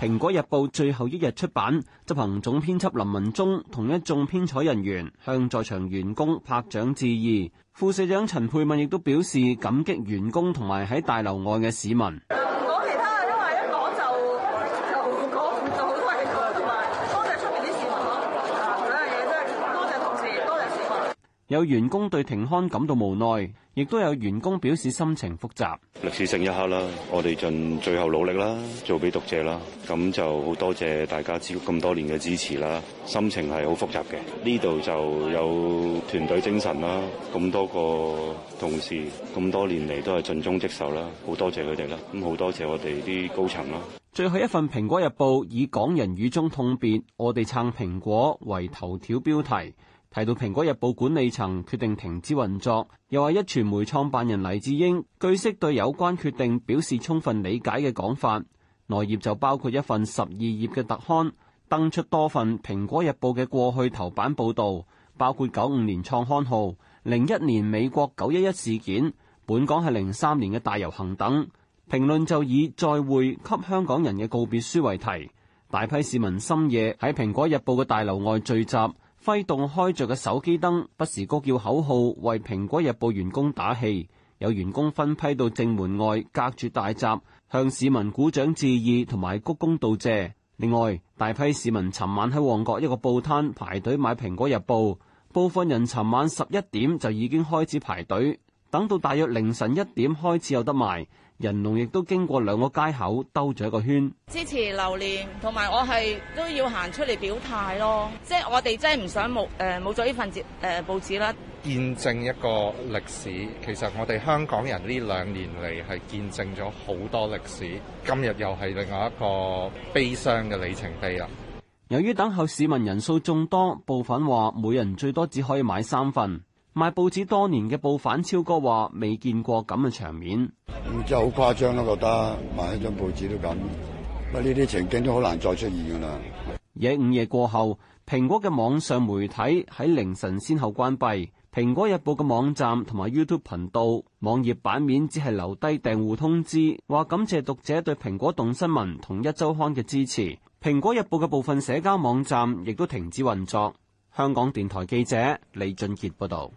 蘋果日報》最後一日出版，執行總編輯林文忠同一眾編採人員向在場員工拍掌致意，副社長陳佩敏亦都表示感激員工同埋喺大樓外嘅市民。有員工對停刊感到無奈，亦都有員工表示心情複雜。歷史性一刻啦，我哋盡最後努力啦，做俾讀者啦。咁就好多謝大家支咁多年嘅支持啦。心情係好複雜嘅。呢度就有團隊精神啦。咁多個同事咁多年嚟都係盡忠職守啦。好多謝佢哋啦。咁好多謝我哋啲高層啦。最後一份《蘋果日報》以「港人雨中痛別，我哋撐蘋果」為頭條標題。提到《蘋果日報》管理層決定停止運作，又話一傳媒創辦人黎智英據悉對有關決定表示充分理解嘅講法。內頁就包括一份十二頁嘅特刊，登出多份《蘋果日報》嘅過去頭版報導，包括九五年創刊號、零一年美國九一一事件、本港係零三年嘅大遊行等。評論就以再會給香港人嘅告別書為題，大批市民深夜喺《蘋果日報》嘅大樓外聚集，揮動開着嘅手機燈，不時高叫口號，為蘋果日報員工打氣。有員工分批到正門外隔住大閘，向市民鼓掌致意同埋鞠躬道謝。另外，大批市民尋晚喺旺角一個報攤排隊買蘋果日報，部分人尋晚十一點就已經開始排隊，等到大約凌晨一點開始有得賣。人龍亦都經過兩個街口兜咗一個圈，支持留念，同埋我係都要行出嚟表態咯。即係我哋真係唔想冇誒冇咗呢份折誒報紙啦。見證一個歷史，其實我哋香港人呢兩年嚟係見證咗好多歷史，今日又係另外一個悲傷嘅里程碑啊！由於等候市民人數眾多，部分話每人最多只可以買三份。賣報紙多年嘅報販超哥話，未見過咁嘅場面，嗯，真係好誇張咯。覺得賣一張報紙都咁，乜呢啲情景都好難再出現噶啦。而喺午夜過後，蘋果嘅網上媒體喺凌晨先後關閉蘋果日報嘅網站同埋 YouTube 頻道網頁版面，只係留低訂戶通知，話感謝讀者對蘋果動新聞同一周刊嘅支持。蘋果日報嘅部分社交網站亦都停止運作。香港電台記者李俊傑報道。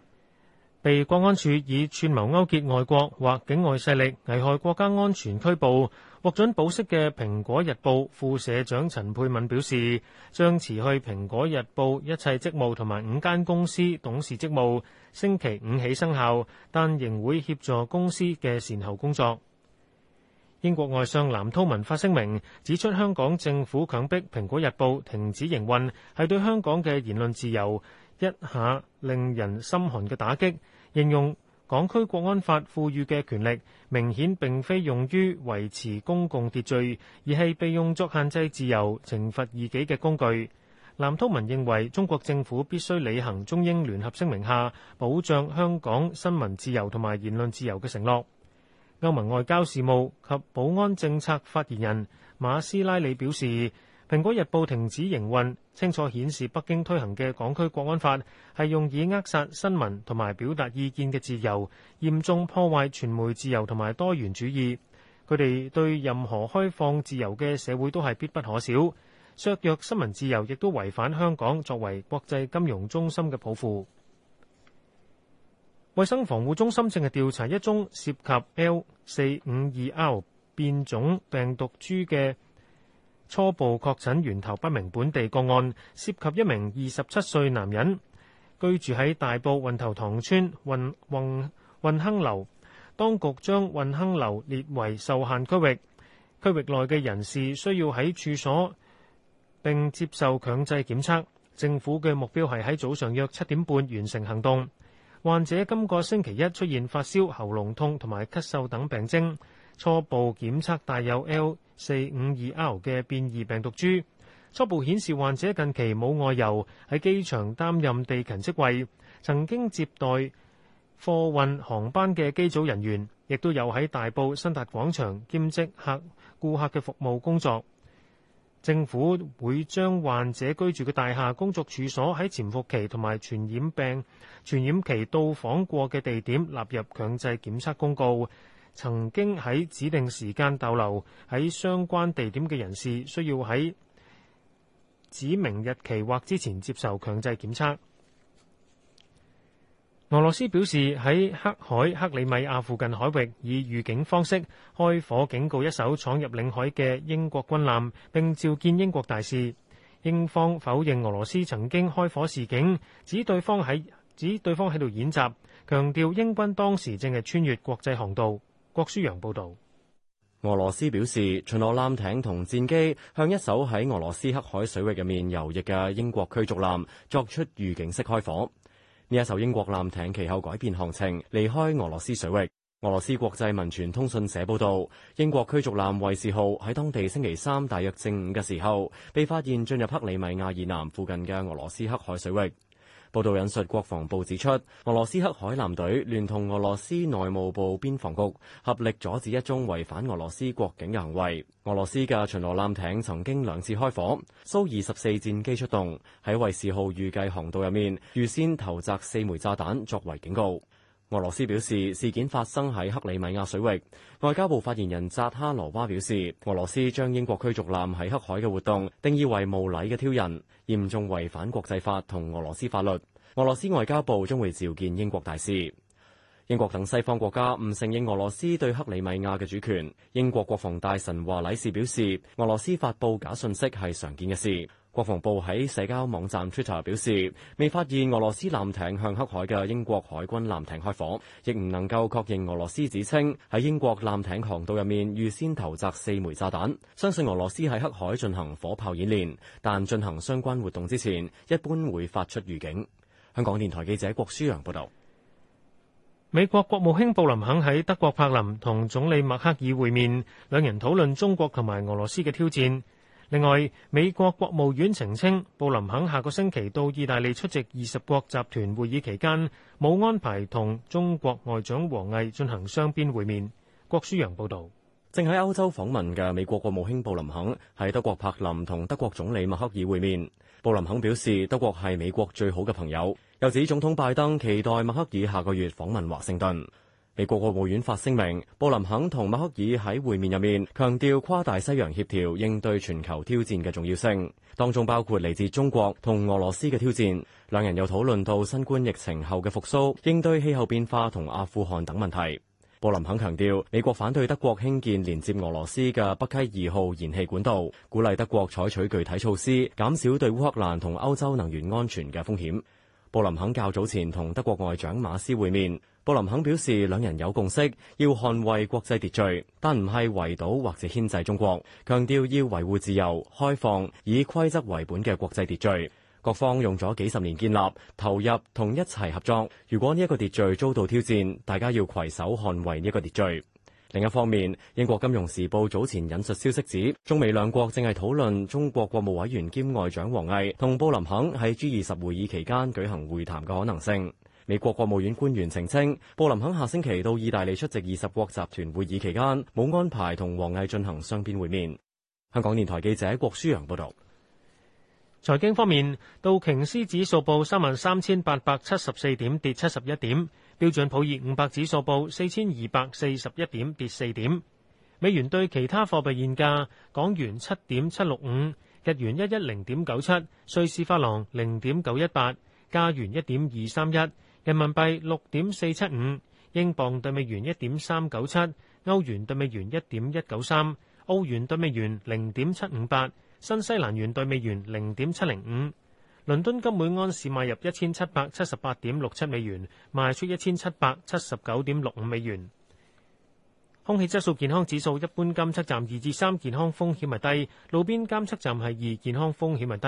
被國安處以串謀勾結外國或境外勢力危害國家安全拘捕，獲准保釋嘅蘋果日報副社長陳佩敏表示，將辭去蘋果日報一切職務同埋五間公司董事職務，星期五起生效，但仍會協助公司嘅善後工作。英國外相藍韜文發聲明指出，香港政府強迫蘋果日報停止營運，係對香港嘅言論自由一下令人心寒嘅打擊。應用港區國安法賦予嘅權力，明顯並非用於維持公共秩序，而係被用作限制自由、懲罰異己嘅工具。藍韜文認為，中國政府必須履行中英聯合聲明下保障香港新聞自由同埋言論自由嘅承諾。歐盟外交事務及保安政策發言人馬斯拉里表示，《蘋果日報》停止營運，清楚顯示北京推行嘅港區國安法係用以扼殺新聞同埋表達意見嘅自由，嚴重破壞傳媒自由同埋多元主義。佢哋對任何開放自由嘅社會都係必不可少。削弱新聞自由亦都違反香港作為國際金融中心嘅抱負。衛生防護中心正係調查一宗涉及 L452R 變種病毒株嘅。初步確診源頭不明本地個案，涉及一名二十七歲男人，居住喺大埔運頭塘村運運運亨樓。當局將運亨樓列為受限區域，區域內嘅人士需要喺處所並接受強制檢測。政府嘅目標係喺早上約七點半完成行動。患者今個星期一出現發燒、喉嚨痛同埋咳嗽等病徵。初步檢測帶有 L 四五二 R 嘅變異病毒株，初步顯示患者近期冇外遊，喺機場擔任地勤職位，曾經接待貨運航班嘅機組人員，亦都有喺大埔新達廣場兼職客顧客嘅服務工作。政府會將患者居住嘅大廈、工作處所喺潛伏期同埋傳染病傳染期到訪過嘅地點納入強制檢測公告。曾經喺指定時間逗留喺相關地點嘅人士，需要喺指明日期或之前接受強制檢測。俄羅斯表示喺黑海克里米亞附近海域以預警方式開火警告一艘闖入領海嘅英國軍艦，並召見英國大使。英方否認俄羅斯曾經開火示警，指對方喺指對方喺度演習，強調英軍當時正係穿越國際航道。郭舒揚報道，俄羅斯表示巡邏艦艇同戰機向一艘喺俄羅斯黑海水域入面游弋嘅英國驅逐艦作出預警式開火。呢一艘英國艦艇其後改變航程，離開俄羅斯水域。俄羅斯國際文傳通訊社報道，英國驅逐艦“衛士號”喺當地星期三大約正午嘅時候被發現進入克里米亞以南附近嘅俄羅斯黑海水域。報道引述國防部指出，俄羅斯黑海艦隊聯同俄羅斯內務部邊防局合力阻止一宗違反俄羅斯國境嘅行為。俄羅斯嘅巡邏艦艇曾經兩次開火，蘇二十四戰機出動，喺衛士號預計航道入面，預先投擲四枚炸彈作為警告。俄羅斯表示事件發生喺克里米亞水域。外交部發言人扎哈羅娃表示，俄羅斯將英國驅逐艦喺黑海嘅活動定義為無禮嘅挑釁，嚴重違反國際法同俄羅斯法律。俄羅斯外交部將會召見英國大使。英國等西方國家唔承認俄羅斯對克里米亞嘅主權。英國國防大臣華禮士表示，俄羅斯發布假信息係常見嘅事。國防部喺社交網站 Twitter 表示，未發現俄羅斯艦艇向黑海嘅英國海軍艦艇開火，亦唔能夠確認俄羅斯指稱喺英國艦艇航道入面預先投擲四枚炸彈。相信俄羅斯喺黑海進行火炮演練，但進行相關活動之前，一般會發出預警。香港電台記者郭舒揚報道，美國國務卿布林肯喺德國柏林同總理默克爾會面，兩人討論中國同埋俄羅斯嘅挑戰。另外，美國國務院澄清，布林肯下個星期到意大利出席二十國集團會議期間，冇安排同中國外長王毅進行雙邊會面。郭舒陽報導。正喺歐洲訪問嘅美國國務卿布林肯喺德國柏林同德國總理默克爾會面。布林肯表示，德國係美國最好嘅朋友，又指總統拜登期待默克爾下個月訪問華盛頓。美國國務院發聲明，布林肯同默克爾喺會面入面強調跨大西洋協調應對全球挑戰嘅重要性，當中包括嚟自中國同俄羅斯嘅挑戰。兩人又討論到新冠疫情後嘅復蘇、應對氣候變化同阿富汗等問題。布林肯強調，美國反對德國興建連接俄羅斯嘅北溪二號燃氣管道，鼓勵德國採取具體措施，減少對烏克蘭同歐洲能源安全嘅風險。布林肯較早前同德國外長馬斯會面，布林肯表示兩人有共識要捍衛國際秩序，但唔係圍堵或者牽制中國，強調要維護自由、開放、以規則為本嘅國際秩序。各方用咗幾十年建立、投入同一齊合作，如果呢一個秩序遭到挑戰，大家要攜手捍衛呢個秩序。另一方面，英國金融時報早前引述消息指，中美兩國正係討論中國國務委員兼外長王毅同布林肯喺 G 二十會議期間舉行會談嘅可能性。美國國務院官員澄清，布林肯下星期到意大利出席二十國集團會議期間，冇安排同王毅進行雙邊會面。香港電台記者郭舒揚報導。財經方面，道瓊斯指數報三萬三千八百七十四點，跌七十一點。標準普爾五百指數報四千二百四十一點，跌四點。美元對其他貨幣現價：港元七點七六五，日元一一零點九七，瑞士法郎零點九一八，加元一點二三一，人民幣六點四七五，英鎊對美元一點三九七，歐元對美元一點一九三，澳元對美元零點七五八，新西蘭元對美元零點七零五。倫敦金每安士買入一千七百七十八點六七美元，賣出一千七百七十九點六五美元。空氣質素健康指數，一般監測站二至三，健康風險係低；路邊監測站係二，健康風險係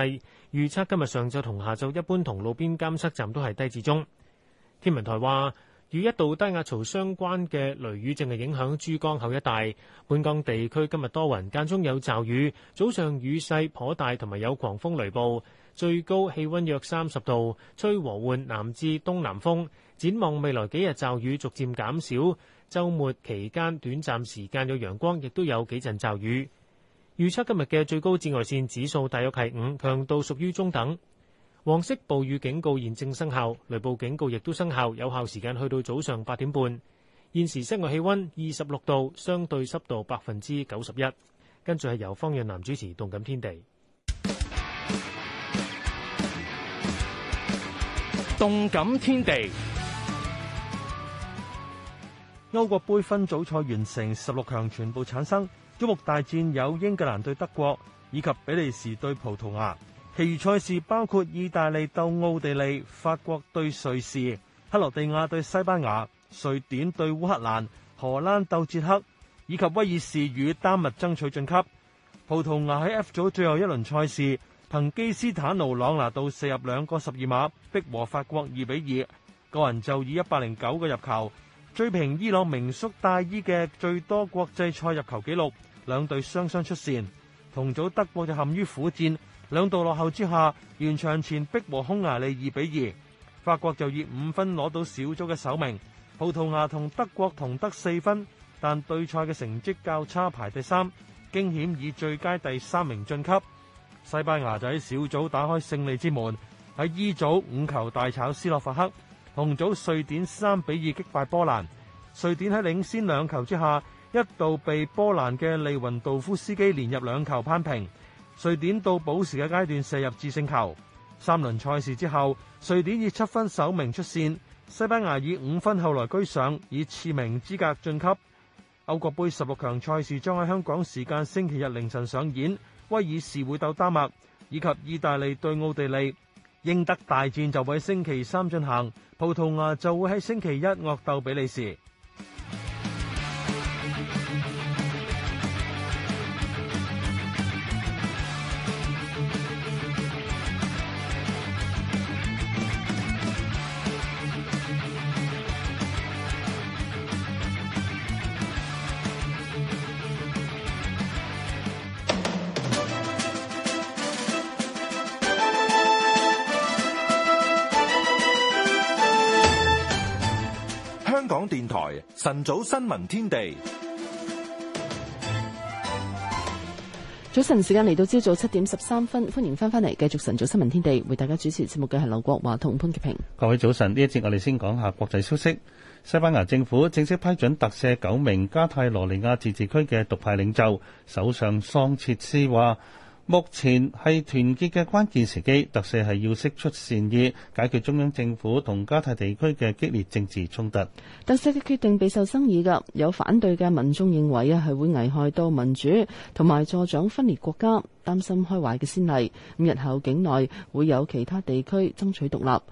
低。預測今日上晝同下晝一般，同路邊監測站都係低至中。天文台話，與一道低壓槽相關嘅雷雨正係影響珠江口一帶。本港地區今日多雲，間中有驟雨，早上雨勢頗大，同埋有狂風雷暴。最高氣溫約三十度，吹和緩南至東南風。展望未來幾日，驟雨逐漸減少，週末期間短暫時間有陽光，亦都有幾陣驟雨。預測今日嘅最高紫外線指數大約係五，強度屬於中等。黃色暴雨警告現正生效，雷暴警告亦都生效，有效時間去到早上八點半。現時室外氣溫二十六度，相對濕度百分之九十一。跟住係由方陽楠主持《動感天地》。動感天地，歐國杯分組賽完成十六強全部產生，矚目大戰有英格蘭對德國以及比利時對葡萄牙，其餘賽事包括意大利鬥奧地利、法國對瑞士、克羅地亞對西班牙、瑞典對烏克蘭、荷蘭鬥捷克以及威爾士與丹麥爭取晉級。葡萄牙喺 F 組最後一輪賽事。憑基斯坦奴朗拿度射入兩個十二碼，逼和法國二比二，個人就以一百零九個入球，追平伊朗名宿戴伊嘅最多國際賽入球紀錄。兩隊雙雙出線，同組德國就陷於苦戰，兩度落後之下，完場前逼和匈牙利二比二，法國就以五分攞到小組嘅首名。葡萄牙同德國同得四分，但對賽嘅成績較差排第三，驚險以最佳第三名晉級。西班牙喺小組打開勝利之門，喺 E 組五球大炒斯洛伐克。同組瑞典三比二擊敗波蘭。瑞典喺領先兩球之下，一度被波蘭嘅利雲道夫斯基連入兩球攀平。瑞典到補時嘅階段射入致勝球。三輪賽事之後，瑞典以七分首名出線。西班牙以五分後來居上，以次名資格晉級歐國杯十六強賽事，將喺香港時間星期日凌晨上演。威爾士會鬥丹麥，以及意大利對奧地利，英德大戰就會喺星期三進行，葡萄牙就會喺星期一惡鬥比利時。晨早新聞天地，早晨時間嚟到朝早七點十三分，歡迎翻返嚟繼續晨早新聞天地，為大家主持節目嘅係劉國華同潘潔平。各位早晨，呢一節我哋先講下國際消息。西班牙政府正式批准特赦九名加泰羅尼亞自治區嘅獨派領袖。首相桑切斯話。目前係團結嘅關鍵時機，特赦係要釋出善意，解決中央政府同加泰地區嘅激烈政治衝突。特赦嘅決定備受爭議㗎，有反對嘅民眾認為啊係會危害到民主，同埋助長分裂國家，擔心開壞嘅先例。咁日後境內會有其他地區爭取獨立，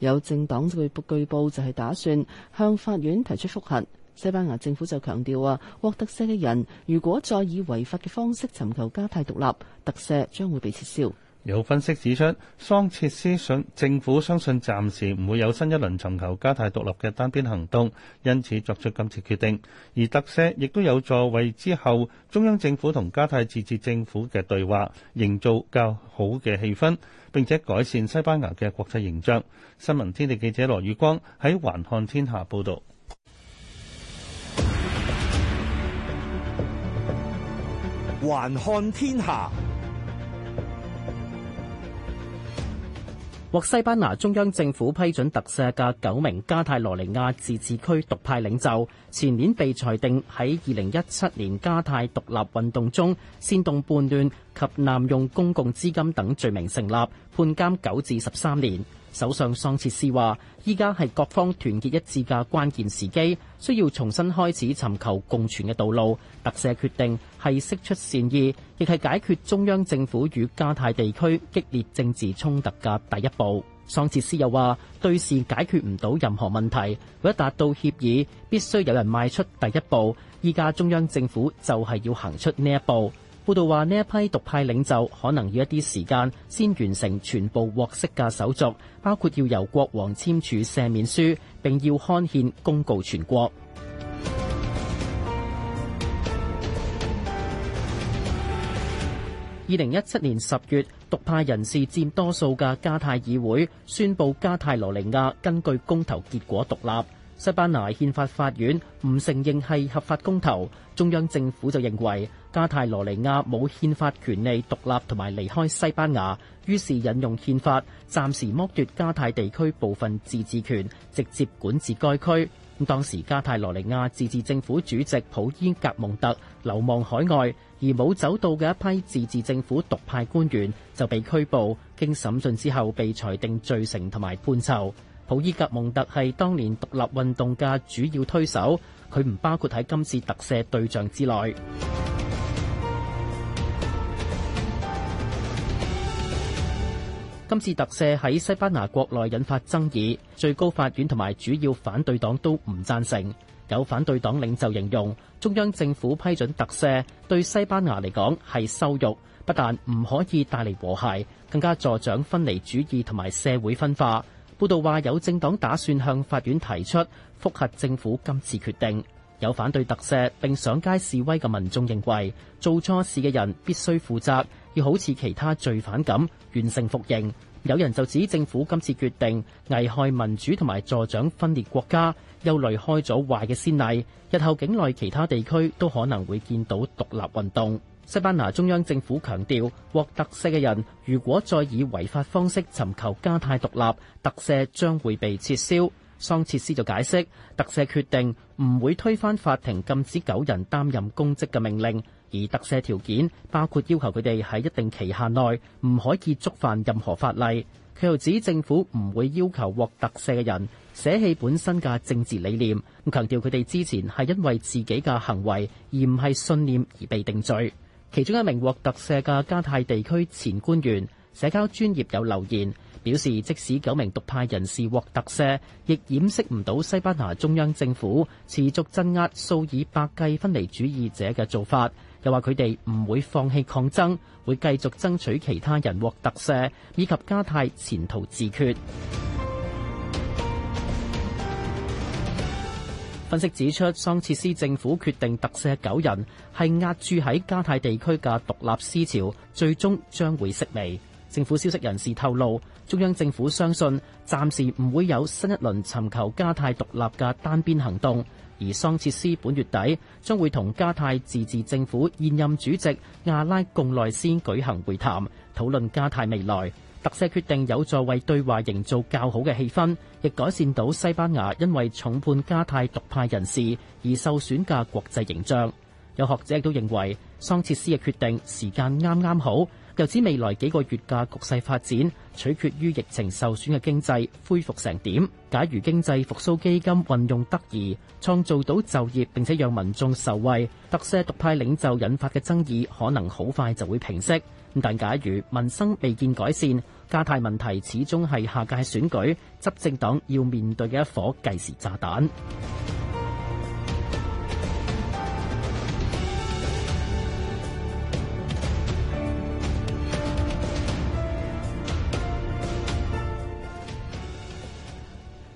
有政黨就去據報就係打算向法院提出覆核。西班牙政府就強調啊，獲特赦嘅人如果再以違法嘅方式尋求加泰獨立，特赦將會被撤銷。有分析指出，桑切斯想政府相信暫時唔會有新一輪尋求加泰獨立嘅單邊行動，因此作出今次決定。而特赦亦都有助為之後中央政府同加泰自治政府嘅對話營造較好嘅氣氛，並且改善西班牙嘅國際形象。新聞天地記者羅宇光喺環看天下報導。環看天下，獲西班牙中央政府批准特赦嘅九名加泰羅尼亞自治區獨派領袖。前年被裁定喺二零一七年加泰獨立運動中煽動叛亂及濫用公共資金等罪名成立，判監九至十三年。首相桑切斯話：依家係各方團結一致嘅關鍵時機，需要重新開始尋求共存嘅道路。特赦決定係釋出善意，亦係解決中央政府與加泰地區激烈政治衝突嘅第一步。桑切斯又話：對峙解決唔到任何問題，若要達到協議，必須有人邁出第一步。依家中央政府就係要行出呢一步。報道話：呢一批獨派領袖可能要一啲時間先完成全部獲釋嘅手續，包括要由國王簽署赦免書，並要刊憲公告全國。二零一七年十月，獨派人士佔多數嘅加泰議會宣佈加泰羅尼亞根據公投結果獨立。西班牙憲法法院唔承認係合法公投，中央政府就認為加泰羅尼亞冇憲法權利獨立同埋離開西班牙，於是引用憲法暫時剝奪加泰地區部分自治權，直接管治該區。當時加泰羅尼亞自治政府主席普伊格蒙特流亡海外，而冇走到嘅一批自治政府獨派官員就被拘捕，經審訊之後被裁定罪成同埋判囚。普伊格蒙特係當年獨立運動嘅主要推手，佢唔包括喺今次特赦對象之內。今次特赦喺西班牙國內引發爭議，最高法院同埋主要反對黨都唔贊成。有反對黨領袖形容，中央政府批准特赦對西班牙嚟講係羞辱，不但唔可以帶嚟和諧，更加助長分離主義同埋社會分化。報道話有政黨打算向法院提出覆核政府今次決定。有反對特赦並上街示威嘅民眾認為，做錯事嘅人必須負責。要好似其他罪犯咁完成服刑。有人就指政府今次決定危害民主同埋助長分裂國家，又開咗壞嘅先例。日後境內其他地區都可能會見到獨立運動。西班牙中央政府強調，獲特赦嘅人如果再以違法方式尋求加泰獨立，特赦將會被撤銷。桑切斯就解釋，特赦決定唔會推翻法庭禁止九人擔任公職嘅命令。而特赦條件，包括要求佢哋喺一定期限內唔可以觸犯任何法例。佢又指政府唔會要求獲特赦嘅人捨棄本身嘅政治理念。咁強調佢哋之前係因為自己嘅行為而唔係信念而被定罪。其中一名獲特赦嘅加泰地區前官員社交專頁有留言表示，即使九名獨派人士獲特赦，亦掩飾唔到西班牙中央政府持續鎮壓數以百計分離主義者嘅做法。又話佢哋唔會放棄抗爭，會繼續爭取其他人獲特赦，以及加泰前途自決。 分析指出，桑切斯政府決定特赦九人，係壓住喺加泰地區嘅獨立思潮，最終將會式微。政府消息人士透露，中央政府相信暫時唔會有新一輪尋求加泰獨立嘅單邊行動。而桑切斯本月底將會同加泰自治政府現任主席亞拉貢內斯舉行會談，討論加泰未來，特赦決定有助為對話營造較好嘅氣氛，亦改善到西班牙因為重判加泰獨派人士而受損嘅國際形象。有學者亦都認為桑切斯嘅決定時間啱啱好。又指未來幾個月嘅局勢發展，取決於疫情受損嘅經濟恢復成點。假如經濟復甦基金運用得宜，創造到就業並且讓民眾受惠，特赦獨派領袖引發嘅爭議可能好快就會平息。但假如民生未見改善，加泰問題始終係下屆選舉執政黨要面對嘅一顆計時炸彈。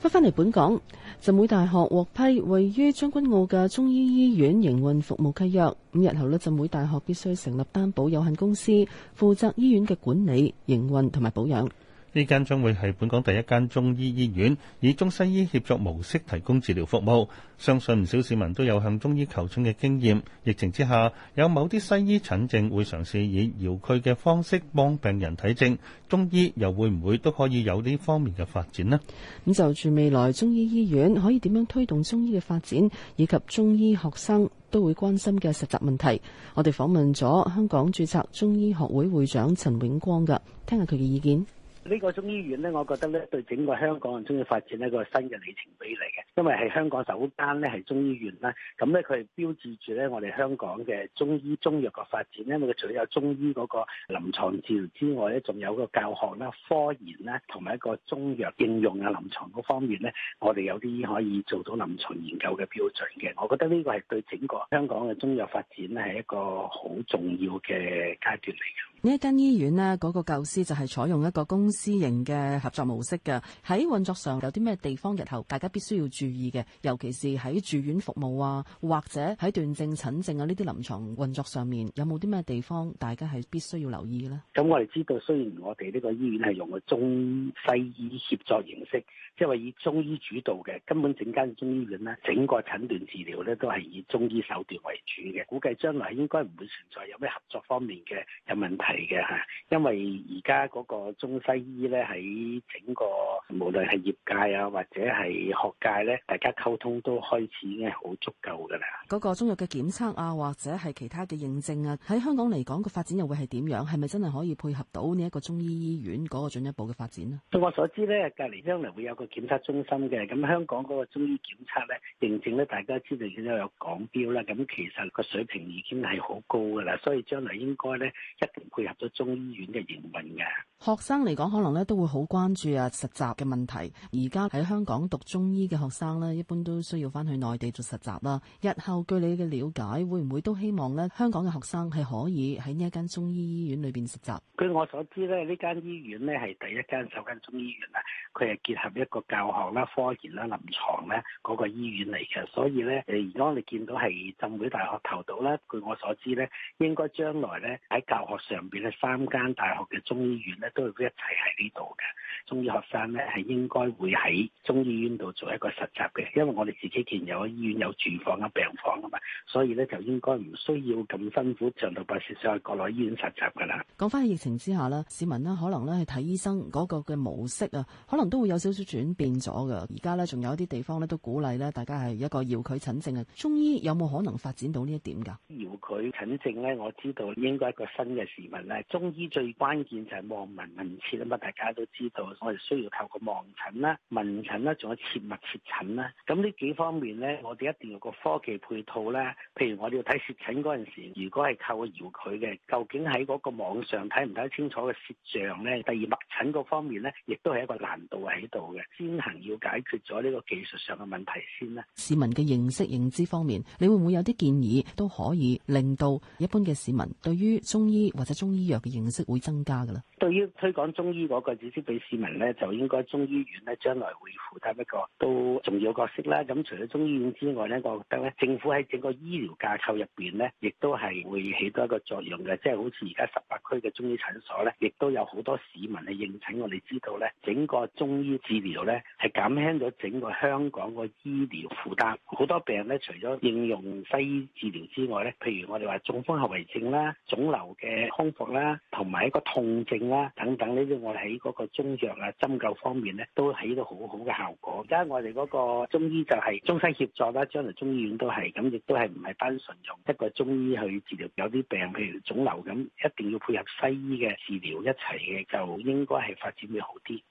翻嚟本港，浸會大學獲批位於將軍澳嘅中醫醫院營運服務契約。咁日後咧，浸會大學必須成立擔保有限公司，負責醫院嘅管理、營運同埋保養。呢間將會係本港第一間中醫醫院，以中西醫協作模式提供治療服務。相信唔少市民都有向中醫求診嘅經驗。疫情之下，有某啲西醫診症會嘗試以遙距嘅方式幫病人睇症，中醫又會唔會都可以有呢方面嘅發展呢？咁就住未來中醫醫院可以點樣推動中醫嘅發展，以及中醫學生都會關心嘅實習問題，我哋訪問咗香港註冊中醫學會會長陳永光㗎，聽下佢嘅意見。呢個中醫院咧，我覺得咧對整個香港嘅中醫發展咧一個新嘅里程碑嚟嘅，因為係香港首間咧係中醫院啦。咁咧佢係標誌住咧我哋香港嘅中醫中藥嘅發展，因為佢除咗有中醫嗰個臨牀治療之外咧，仲有個教學啦、科研啦，同埋一個中藥應用啊、臨床嗰方面咧，我哋有啲可以做到臨床研究嘅標準嘅。我覺得呢個係對整個香港嘅中藥發展咧係一個好重要嘅階段嚟嘅。呢一間醫院呢，嗰、那個構思就係採用一個公司型嘅合作模式嘅。喺運作上有啲咩地方，日後大家必須要注意嘅，尤其是喺住院服務啊，或者喺斷症診症啊呢啲臨床運作上面，有冇啲咩地方大家係必須要留意呢？咁我哋知道，雖然我哋呢個醫院係用中西醫協作形式，即係話以中醫主導嘅，根本整間中醫院呢，整個診斷治療呢都係以中醫手段為主嘅。估計將來應該唔會存在有咩合作方面嘅有問題。嚟嘅嚇，因為而家嗰個中西醫咧喺整個無論係業界啊或者係學界咧，大家溝通都開始已經係好足夠噶啦。嗰個中藥嘅檢測啊，或者係其他嘅認證啊，喺香港嚟講個發展又會係點樣？係咪真係可以配合到呢一個中醫醫院嗰個進一步嘅發展啊？據我所知咧，隔籬將來會有個檢測中心嘅，咁香港嗰個中醫檢測咧認證咧，大家知道已經有港標啦。咁其實個水平已經係好高噶啦，所以將來應該咧一定會。入咗中醫院嘅營運嘅學生嚟講，可能咧都會好關注啊，實習嘅問題。而家喺香港讀中醫嘅學生咧，一般都需要翻去內地做實習啦、啊。日後據你嘅了解，會唔會都希望咧香港嘅學生係可以喺呢一間中醫醫院裏邊實習？據我所知咧，呢間醫院咧係第一間首間中醫院啊，佢係結合一個教學啦、科研啦、臨床咧嗰個醫院嚟嘅，所以咧誒，而家你見到係浸會大學投到啦。據我所知咧，應該將來咧喺教學上。三間大學嘅中醫院咧，都係一齊喺呢度嘅。中醫學生咧，係應該會喺中醫院度做一個實習嘅，因為我哋自己既然有醫院，有住房、有病房啊嘛，所以咧就應該唔需要咁辛苦上到八事上去國內醫院實習噶啦。講返喺疫情之下啦，市民呢，可能咧係睇醫生嗰個嘅模式啊，可能都會有少少轉變咗嘅。而家咧仲有一啲地方咧都鼓勵咧，大家係一個遙距診症。啊，中醫有冇可能發展到呢一點㗎？遙距診症咧，我知道應該一個新嘅事。中醫最關鍵就係望、聞問切啊嘛！大家都知道，我哋需要透過望診啦、問診啦，仲有切脈切診啦。咁呢幾方面咧，我哋一定要個科技配套咧。譬如我哋要睇舌診嗰陣時，如果係靠個搖佢嘅，究竟喺嗰個網上睇唔睇得清楚嘅舌象咧？第二脈診嗰方面咧，亦都係一個難度喺度嘅，先行要解決咗呢個技術上嘅問題先啦。市民嘅認識認知方面，你會唔會有啲建議都可以令到一般嘅市民對於中醫或者中中醫藥嘅認識會增加噶啦。對於推廣中醫嗰個知識俾市民咧，就應該中醫院咧將來會負擔一個都重要角色啦。咁除咗中醫院之外咧，我覺得咧，政府喺整個醫療架構入邊咧，亦都係會起到一個作用嘅。即係好似而家十八區嘅中醫診所咧，亦都有好多市民去應診。認，我哋知道咧，整個中醫治療咧係減輕咗整個香港個醫療負擔。好多病咧，除咗應用西醫治療之外咧，譬如我哋話中風後遺症啦、腫瘤嘅胸。啦，同埋一個痛症啦，等等呢啲，我喺嗰個中藥啊針灸方面咧，都起到好好嘅效果。而家我哋嗰個中醫就係中西協作啦，將來中醫院都係咁，亦都係唔係單純用一個中醫去治療。有啲病，譬如腫瘤咁，一定要配合西醫嘅治療一齊嘅，就應該係發展會好啲。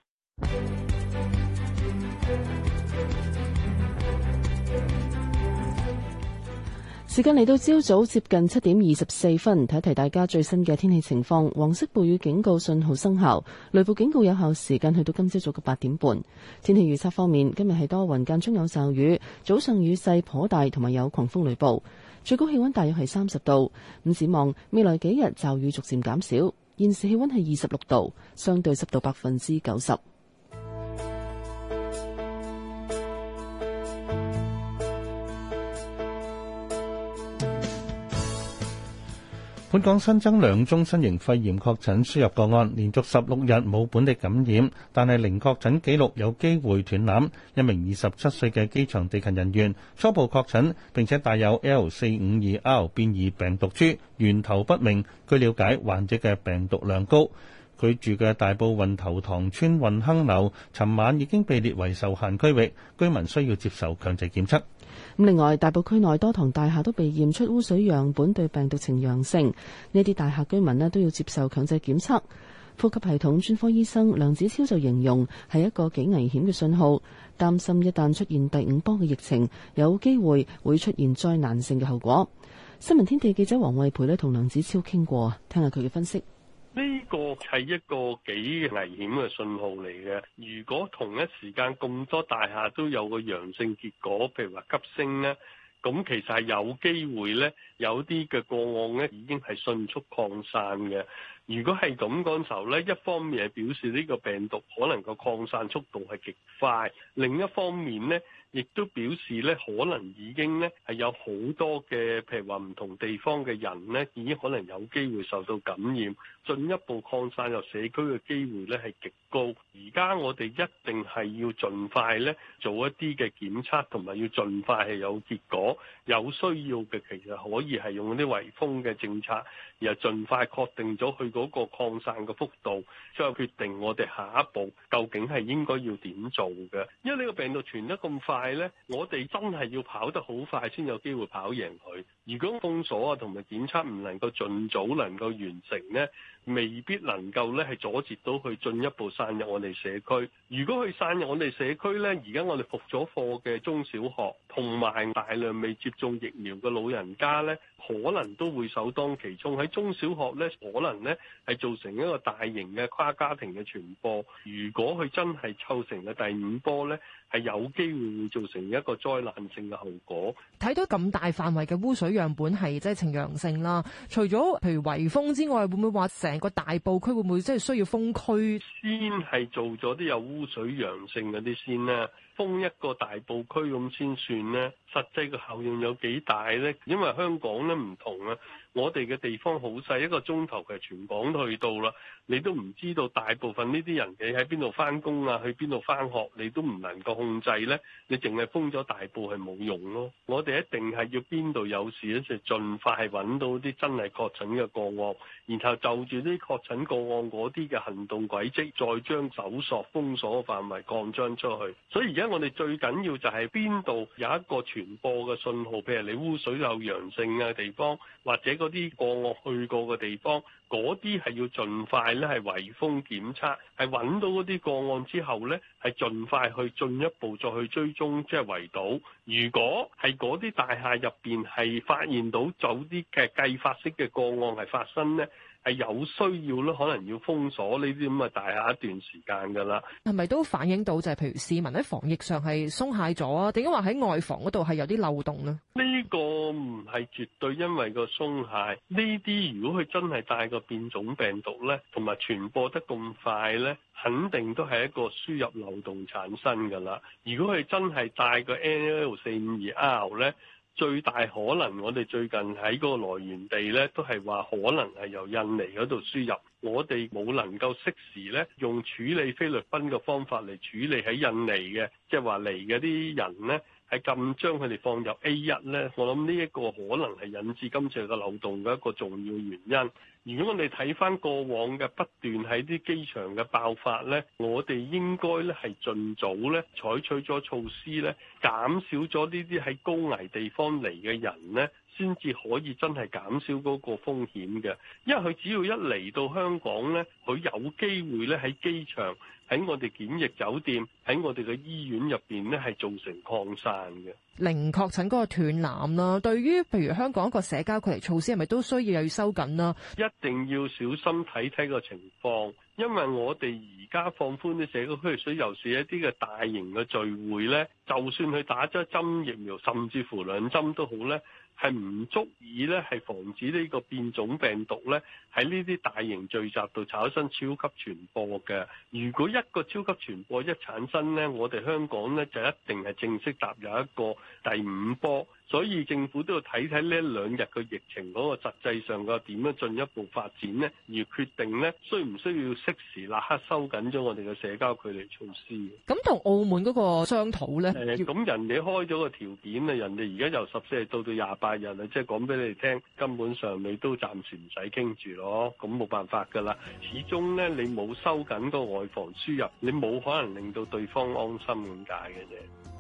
時間嚟到朝早接近七點二十四分，提一提大家最新嘅天氣情況。黃色暴雨警告信號生效，雷暴警告有效時間去到今朝早嘅八點半。天氣預測方面，今日係多雲間中有驟雨，早上雨勢頗大，同埋有狂風雷暴。最高氣温大約係三十度。咁展望未來幾日驟雨逐漸減少。現時氣温係二十六度，相對濕度百分之九十。本港新增兩宗新型肺炎確診輸入個案，連續十六日冇本地感染，但係零確診記錄有機會斷纜。一名二十七歲嘅機場地勤人員初步確診，並且帶有 L 四五二 R 變異病毒株，源頭不明。據了解，患者嘅病毒量高，佢住嘅大埔運頭塘村運亨樓，尋晚已經被列為受限區域，居民需要接受強制檢測。咁另外，大埔區內多幢大廈都被驗出污水樣本對病毒呈陽性，呢啲大廈居民咧都要接受強制檢測。呼吸系統專科醫生梁子超就形容係一個幾危險嘅信號，擔心一旦出現第五波嘅疫情，有機會會出現災難性嘅後果。新聞天地記者王惠培呢同梁子超傾過，聽下佢嘅分析。呢個係一個幾危險嘅信號嚟嘅。如果同一時間咁多大廈都有個陽性結果，譬如話急升呢，咁其實係有機會呢，有啲嘅個案呢已經係迅速擴散嘅。如果係咁嗰時候呢，一方面係表示呢個病毒可能個擴散速度係極快，另一方面呢，亦都表示咧，可能已經咧係有好多嘅，譬如話唔同地方嘅人咧，已經可能有機會受到感染，進一步擴散入社區嘅機會咧係極。個而家我哋一定係要盡快咧做一啲嘅檢測，同埋要盡快係有結果。有需要嘅其實可以係用啲圍封嘅政策，而係盡快確定咗佢嗰個擴散嘅幅度，再決定我哋下一步究竟係應該要點做嘅。因為呢個病毒傳得咁快呢，我哋真係要跑得好快先有機會跑贏佢。如果封鎖啊同埋檢測唔能夠盡早能夠完成咧，未必能夠咧係阻截到佢進一步散入我哋社區，如果佢散入我哋社區咧，而家我哋復咗課嘅中小學。同埋大量未接種疫苗嘅老人家呢，可能都會首當其衝。喺中小學呢，可能呢，係造成一個大型嘅跨家庭嘅傳播。如果佢真係湊成嘅第五波呢，係有機會會造成一個災難性嘅後果。睇到咁大範圍嘅污水樣本係即係呈陽性啦，除咗譬如圍封之外，會唔會話成個大埔區會唔會即係需要封區？先係做咗啲有污水陽性嗰啲先啦。封一個大埔區咁先算咧，實際嘅效應有幾大咧？因為香港咧唔同啊。我哋嘅地方好細，一個鐘頭嘅全港都去到啦。你都唔知道大部分呢啲人，你喺邊度翻工啊，去邊度翻學，你都唔能夠控制咧。你淨係封咗大埔係冇用咯。我哋一定係要邊度有事，呢就盡快揾到啲真係確診嘅個案，然後就住啲確診個案嗰啲嘅行動軌跡，再將搜索封鎖範圍擴張出去。所以而家我哋最緊要就係邊度有一個傳播嘅信號，譬如你污水有陽性嘅地方，或者。嗰啲個案去過嘅地方，嗰啲係要盡快咧係圍封檢測，係揾到嗰啲個案之後咧，係盡快去進一步再去追蹤，即係圍堵。如果係嗰啲大廈入邊，係發現到有啲嘅繼發式嘅個案係發生咧。係有需要咯，可能要封鎖呢啲咁嘅大廈一段時間噶啦。係咪都反映到就係譬如市民喺防疫上係鬆懈咗啊？點解話喺外防嗰度係有啲漏洞呢？呢個唔係絕對，因為個鬆懈。呢啲如果佢真係帶個變種病毒呢，同埋傳播得咁快呢，肯定都係一個輸入漏洞產生噶啦。如果佢真係帶個 N L 四五二 R 呢。最大可能，我哋最近喺嗰個來源地咧，都係話可能係由印尼嗰度輸入。我哋冇能夠適時咧用處理菲律賓嘅方法嚟處理喺印尼嘅，即係話嚟嗰啲人咧，係咁將佢哋放入 A 一咧。我諗呢一個可能係引致今次嘅漏洞嘅一個重要原因。如果我哋睇翻過往嘅不斷喺啲機場嘅爆發，呢我哋應該咧係盡早咧採取咗措施，呢減少咗呢啲喺高危地方嚟嘅人呢。先至可以真係減少嗰個風險嘅，因為佢只要一嚟到香港呢，佢有機會呢喺機場、喺我哋檢疫酒店、喺我哋嘅醫院入邊呢係造成擴散嘅。零確診嗰個斷攬啦。對於譬如香港一個社交距離措施係咪都需要又要收緊啦？一定要小心睇睇個情況。因為我哋而家放寬啲社交距離，所以又是一啲嘅大型嘅聚會呢，就算佢打咗一針疫苗，甚至乎兩針都好呢，係唔足以呢係防止呢個變種病毒呢喺呢啲大型聚集度產生超級傳播嘅。如果一個超級傳播一產生呢，我哋香港呢就一定係正式踏入一個第五波。所以政府都要睇睇呢一兩日嘅疫情嗰個實際上嘅點樣進一步發展咧，而決定咧需唔需要適時立刻收緊咗我哋嘅社交距離措施。咁同澳門嗰個商討呢，咁、呃、人哋開咗個條件啊，人哋而家由十四日到到廿八日啊，即係講俾你聽，根本上你都暫時唔使傾住咯。咁冇辦法噶啦，始終呢你冇收緊個外防輸入，你冇可能令到對方安心咁解嘅啫。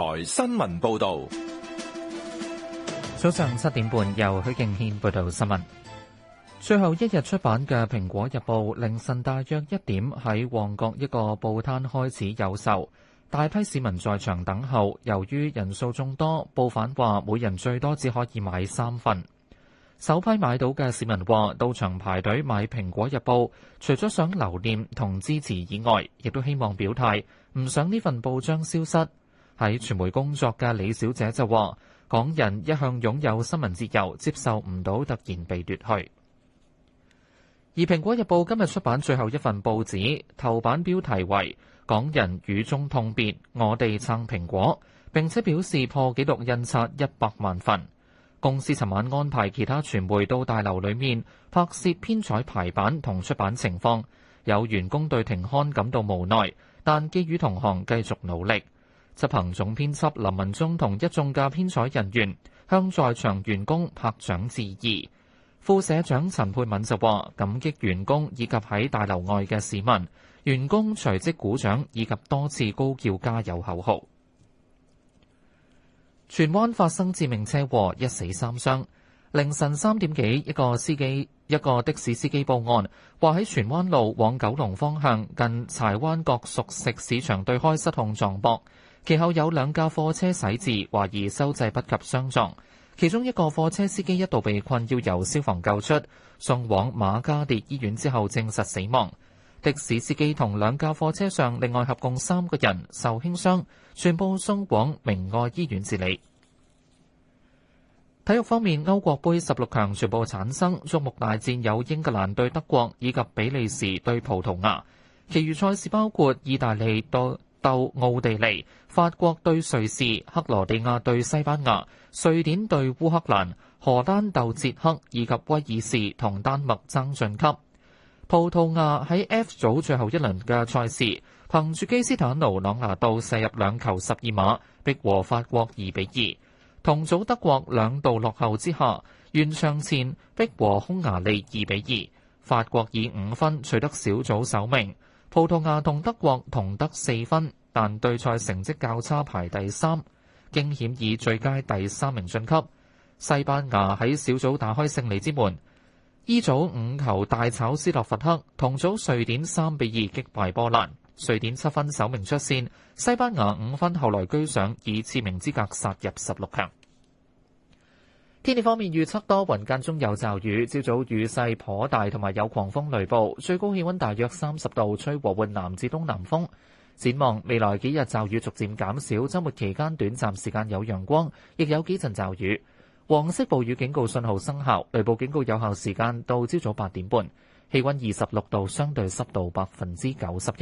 台新聞報道，早上七點半由許敬軒報道新聞。最後一日出版嘅《蘋果日報》，凌晨大約一點喺旺角一個報攤開始有售，大批市民在場等候。由於人數眾多，報販話每人最多只可以買三份。首批買到嘅市民話，到場排隊買《蘋果日報》，除咗想留念同支持以外，亦都希望表態，唔想呢份報章消失。喺傳媒工作嘅李小姐就話：港人一向擁有新聞自由，接受唔到突然被奪去。而《蘋果日報》今日出版最後一份報紙，頭版標題為《港人雨中痛別，我哋撐蘋果》，並且表示破紀錄印刷一百萬份。公司尋晚安排其他傳媒到大樓裡面拍攝編採排版同出版情況。有員工對停刊感到無奈，但寄語同行繼續努力。執行總編輯林文忠同一眾嘅編採人員向在場員工拍掌致意。副社長陳佩敏就話：感激員工以及喺大樓外嘅市民。員工隨即鼓掌以及多次高叫加油口號。荃灣發生致命車禍，一死三傷。凌晨三點幾，一個司機一個的士司機報案，話喺荃灣路往九龍方向近柴灣角熟食市場對開失控撞壆。其後有兩架貨車駛至，懷疑收掣不及，相撞。其中一個貨車司機一度被困，要由消防救出，送往瑪嘉烈醫院之後證實死亡。的士司機同兩架貨車上另外合共三個人受輕傷，全部送往明愛醫院治理。體育方面，歐國杯十六強全部產生，矚目大戰有英格蘭對德國以及比利時對葡萄牙，其餘賽事包括意大利對鬥奧地利、法國對瑞士、克羅地亞對西班牙、瑞典對烏克蘭、荷蘭鬥捷克以及威爾士同丹麥爭進級。葡萄牙喺 F 組最後一輪嘅賽事，憑住基斯坦奴朗拿度射入兩球十二碼，逼和法國二比二。同組德國兩度落後之下，完場前逼和匈牙利二比二，法國以五分取得小組首名。葡萄牙同德國同得四分，但對賽成績較差，排第三，驚險以最佳第三名晉級。西班牙喺小組打開勝利之門，E 組五球大炒斯洛伐克，同組瑞典三比二擊敗波蘭，瑞典七分首名出線，西班牙五分後來居上，以次名資格殺入十六強。天氣方面預測多雲間中有驟雨，朝早雨勢頗大，同埋有狂風雷暴，最高氣溫大約三十度，吹和緩南至東南風。展望未來幾日驟雨逐漸減少，週末期間短暫時間有陽光，亦有幾陣驟雨。黃色暴雨警告信號生效，雷暴警告有效時間到朝早八點半。氣溫二十六度，相對濕度百分之九十一。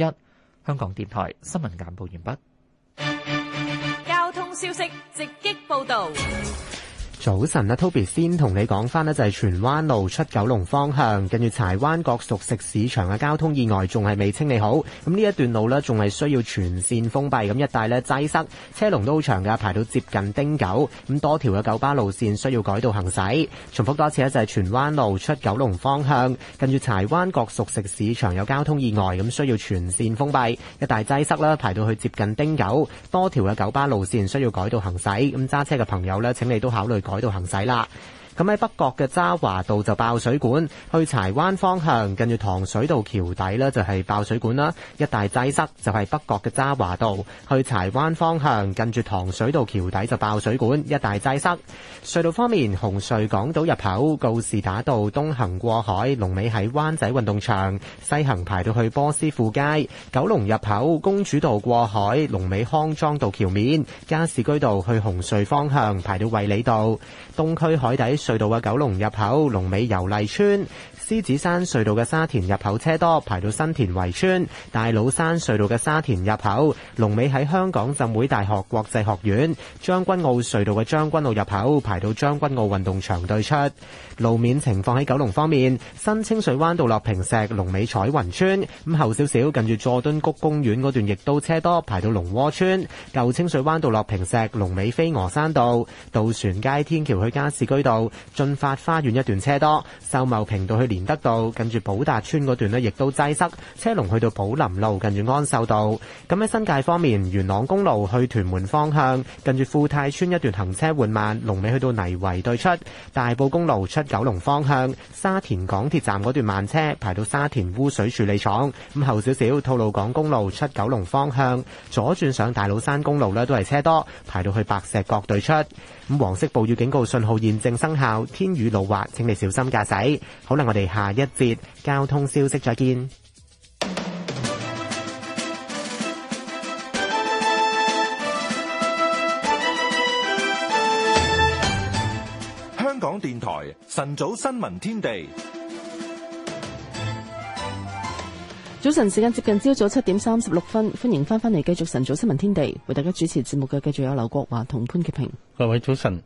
香港電台新聞簡報完畢。交通消息直擊報道。早晨呢 Toby 先同你講翻呢，就係荃灣路出九龍方向，跟住柴灣角熟食市場嘅交通意外仲係未清理好，咁呢一段路呢，仲係需要全線封閉，咁一帶呢，擠塞，塞，車龍都好長噶，排到接近汀九，咁多條嘅九巴路線需要改道行駛。重複多次呢，就係荃灣路出九龍方向，跟住柴灣角熟食市場有交通意外，咁需要全線封閉，一帶擠塞啦，排到去接近汀九，多條嘅九巴路線需要改道行駛，咁揸車嘅朋友呢，請你都考慮。喺度行駛啦。 咁喺北角嘅渣華道就爆水管，去柴灣方向，近住糖水道橋底咧就係爆水管啦，一大擠塞就係北角嘅渣華道去柴灣方向，近住糖水道橋底就爆水管，一大擠塞。隧道方面，紅隧港島入口告士打道東行過海，龍尾喺灣仔運動場；西行排到去波斯富街，九龍入口公主道過海，龍尾康莊道橋面，加士居道去紅隧方向排到衛理道。東區海底隧道嘅九龍入口，龍尾尤麗村。獅子山隧道嘅沙田入口車多，排到新田圍村；大老山隧道嘅沙田入口，龍尾喺香港浸會大學國際學院；將軍澳隧道嘅將軍澳入口，排到將軍澳運動場對出。路面情況喺九龍方面，新清水灣道落平石龍尾彩雲村，咁後少少近住佐敦谷公園嗰段亦都車多，排到龍窩村；舊清水灣道落平石龍尾飛鵝山道，渡船街天橋去加士居道，駿發花園一段車多，秀茂坪道去連。德道近住寶達村嗰段呢，亦都擠塞，車龍去到寶林路近住安秀道。咁喺新界方面，元朗公路去屯門方向，近住富泰村一段行車緩慢，龍尾去到泥圍對出。大埔公路出九龍方向，沙田港鐵站嗰段慢車排到沙田污水處理廠，咁後少少。吐露港公路出九龍方向，左轉上大老山公路呢，都係車多，排到去白石角對出。咁黃色暴雨警告信號現正生效，天雨路滑，請你小心駕駛。好啦，我哋下一節交通消息再見。香港電台晨早新聞天地。早晨時間，接近朝早七點三十六分，歡迎翻返嚟繼續晨早新聞天地，為大家主持節目嘅繼續有劉國華同潘潔平。各位早晨。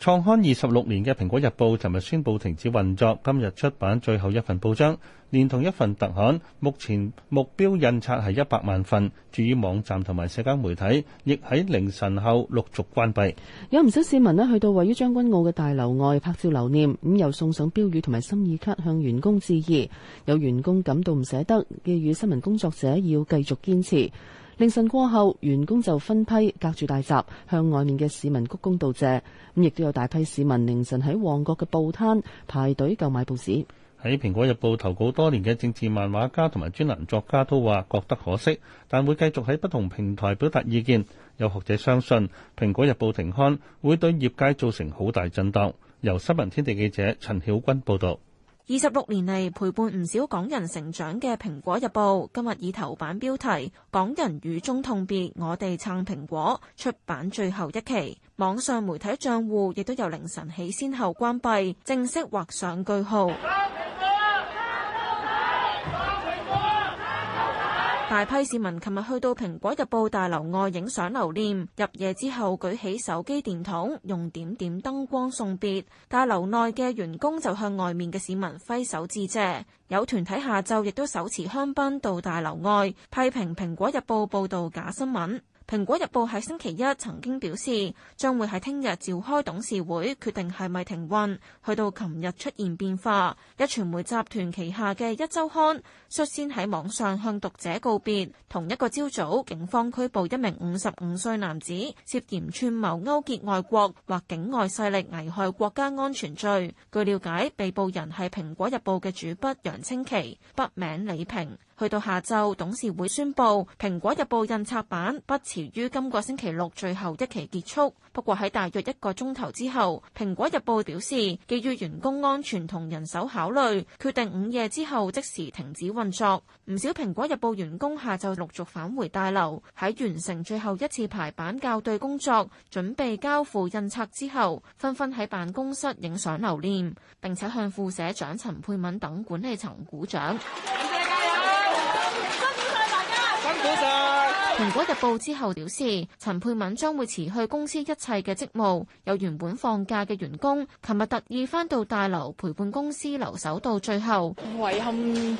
創刊二十六年嘅《蘋果日報》尋日宣布停止運作，今日出版最後一份報章，連同一份特刊。目前目標印刷係一百萬份。至於網站同埋社交媒體，亦喺凌晨後陸續關閉。有唔少市民咧去到位於將軍澳嘅大樓外拍照留念，咁又送上標語同埋心意卡向員工致意。有員工感到唔捨得，寄語新聞工作者要繼續堅持。凌晨過後，員工就分批隔住大閘向外面嘅市民鞠躬道謝。咁亦都有大批市民凌晨喺旺角嘅報攤排隊購買報紙。喺《蘋果日報》投稿多年嘅政治漫畫家同埋專欄作家都話覺得可惜，但會繼續喺不同平台表達意見。有學者相信《蘋果日報》停刊會對業界造成好大震盪。由新聞天地記者陳曉君報道。二十六年嚟陪伴唔少港人成長嘅《蘋果日報》，今日以頭版標題「港人雨中痛別，我哋撐蘋果」出版最後一期，網上媒體賬戶亦都由凌晨起先後關閉，正式畫上句號。大批市民琴日去到蘋果日報大樓外影相留念，入夜之後舉起手機電筒，用點點燈光送別。大樓內嘅員工就向外面嘅市民揮手致謝。有團體下晝亦都手持香檳到大樓外批評蘋果日報報道假新聞。蘋果日報喺星期一曾經表示，將會喺聽日召開董事會決定係咪停運，去到琴日出現變化。壹傳媒集團旗下嘅《壹週刊》率先喺網上向讀者告別。同一個朝早，警方拘捕一名五十五歲男子，涉嫌串謀勾結外國或境外勢力危害國家安全罪。據了解，被捕人係蘋果日報嘅主筆楊清奇，筆名李平。去到下晝，董事會宣布《蘋果日報》印刷版不遲於今個星期六最後一期結束。不過喺大約一個鐘頭之後，《蘋果日報》表示，基於員工安全同人手考慮，決定午夜之後即時停止運作。唔少《蘋果日報》員工下晝陸續返回大樓，喺完成最後一次排版校對工作，準備交付印刷之後，紛紛喺辦公室影相留念，並且向副社長陳佩敏等管理層鼓掌。《蘋果日報》之後表示，陳佩敏將會辭去公司一切嘅職務。有原本放假嘅員工，琴日特意返到大樓陪伴公司留守到最後。遺憾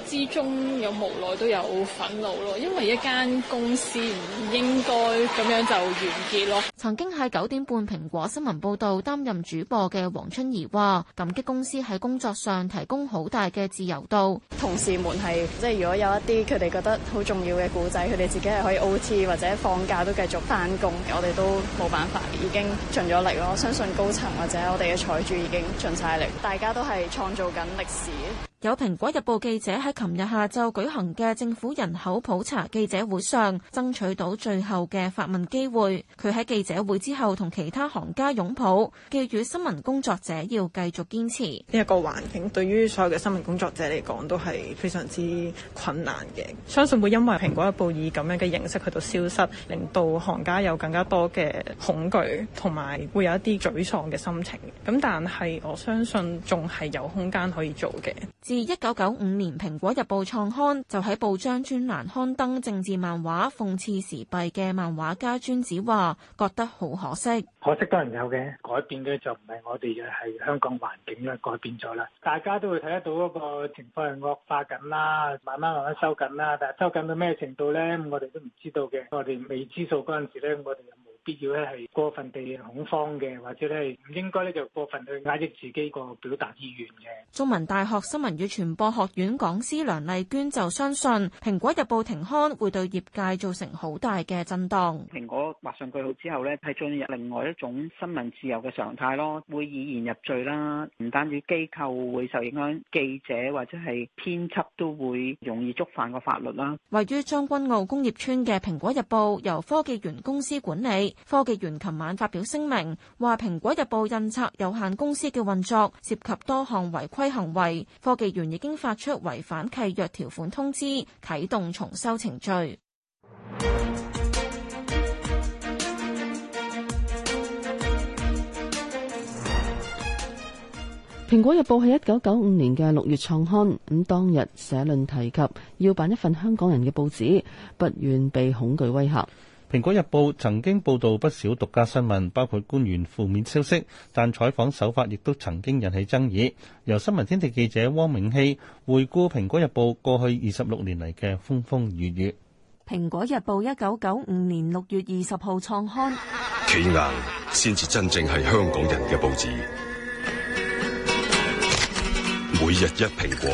之中有無奈都有憤怒咯，因為一間公司唔應該咁樣就完結咯。曾經喺九點半《蘋果新聞報道》擔任主播嘅黃春儀話：感激公司喺工作上提供好大嘅自由度。同事們係即係如果有一啲佢哋覺得好重要嘅故仔，佢哋自己係可以、OT 次或者放假都繼續翻工，我哋都冇辦法，已經盡咗力咯。我相信高層或者我哋嘅財主已經盡晒力，大家都係創造緊歷史。有《蘋果日報》記者喺琴日下晝舉行嘅政府人口普查記者會上，爭取到最後嘅發問機會。佢喺記者會之後同其他行家擁抱，寄語新聞工作者要繼續堅持。呢一個環境對於所有嘅新聞工作者嚟講都係非常之困難嘅，相信會因為《蘋果日報》以咁樣嘅形式去到消失，令到行家有更加多嘅恐懼，同埋會有一啲沮喪嘅心情。咁但係我相信仲係有空間可以做嘅。一九九五年，《蘋果日報》創刊就喺報章專欄刊登政治漫畫，諷刺時弊嘅漫畫家尊子話：覺得好可惜。可惜當然有嘅，改變嘅就唔係我哋嘅，係香港環境咧改變咗啦。大家都會睇得到嗰個情況係惡化緊啦，慢慢慢慢收緊啦。但係收緊到咩程度咧？我哋都唔知道嘅。我哋未知數嗰陣時咧，我哋有冇必要咧係過分地恐慌嘅，或者咧係唔應該咧就過分去壓抑自己個表達意願嘅。中文大學新聞與傳播學院講師梁麗娟就相信，《蘋果日報》停刊會對業界造成好大嘅震蕩。蘋果畫上句號之後呢，係進入另外一種新聞自由嘅常態咯，會以言入罪啦。唔單止機構會受影響，記者或者係編輯都會容易觸犯個法律啦。位於將軍澳工業村嘅《蘋果日報》由科技園公司管理。科技園琴晚發表聲明，話《蘋果日報印刷有限公司》嘅運作涉及多項違規行為，科技園已經發出違反契約條款通知，啟動重修程序。《蘋果日報》喺一九九五年嘅六月創刊，咁當日社論提及要辦一份香港人嘅報紙，不願被恐懼威嚇。蘋果日報曾經報道不少獨家新聞，包括官員負面消息，但採訪手法亦都曾經引起爭議。由新聞天地記者汪明希回顧蘋果日報過去二十六年嚟嘅風風雨雨。蘋果日報一九九五年六月二十號創刊，企硬先至真正係香港人嘅報紙。每日一蘋果，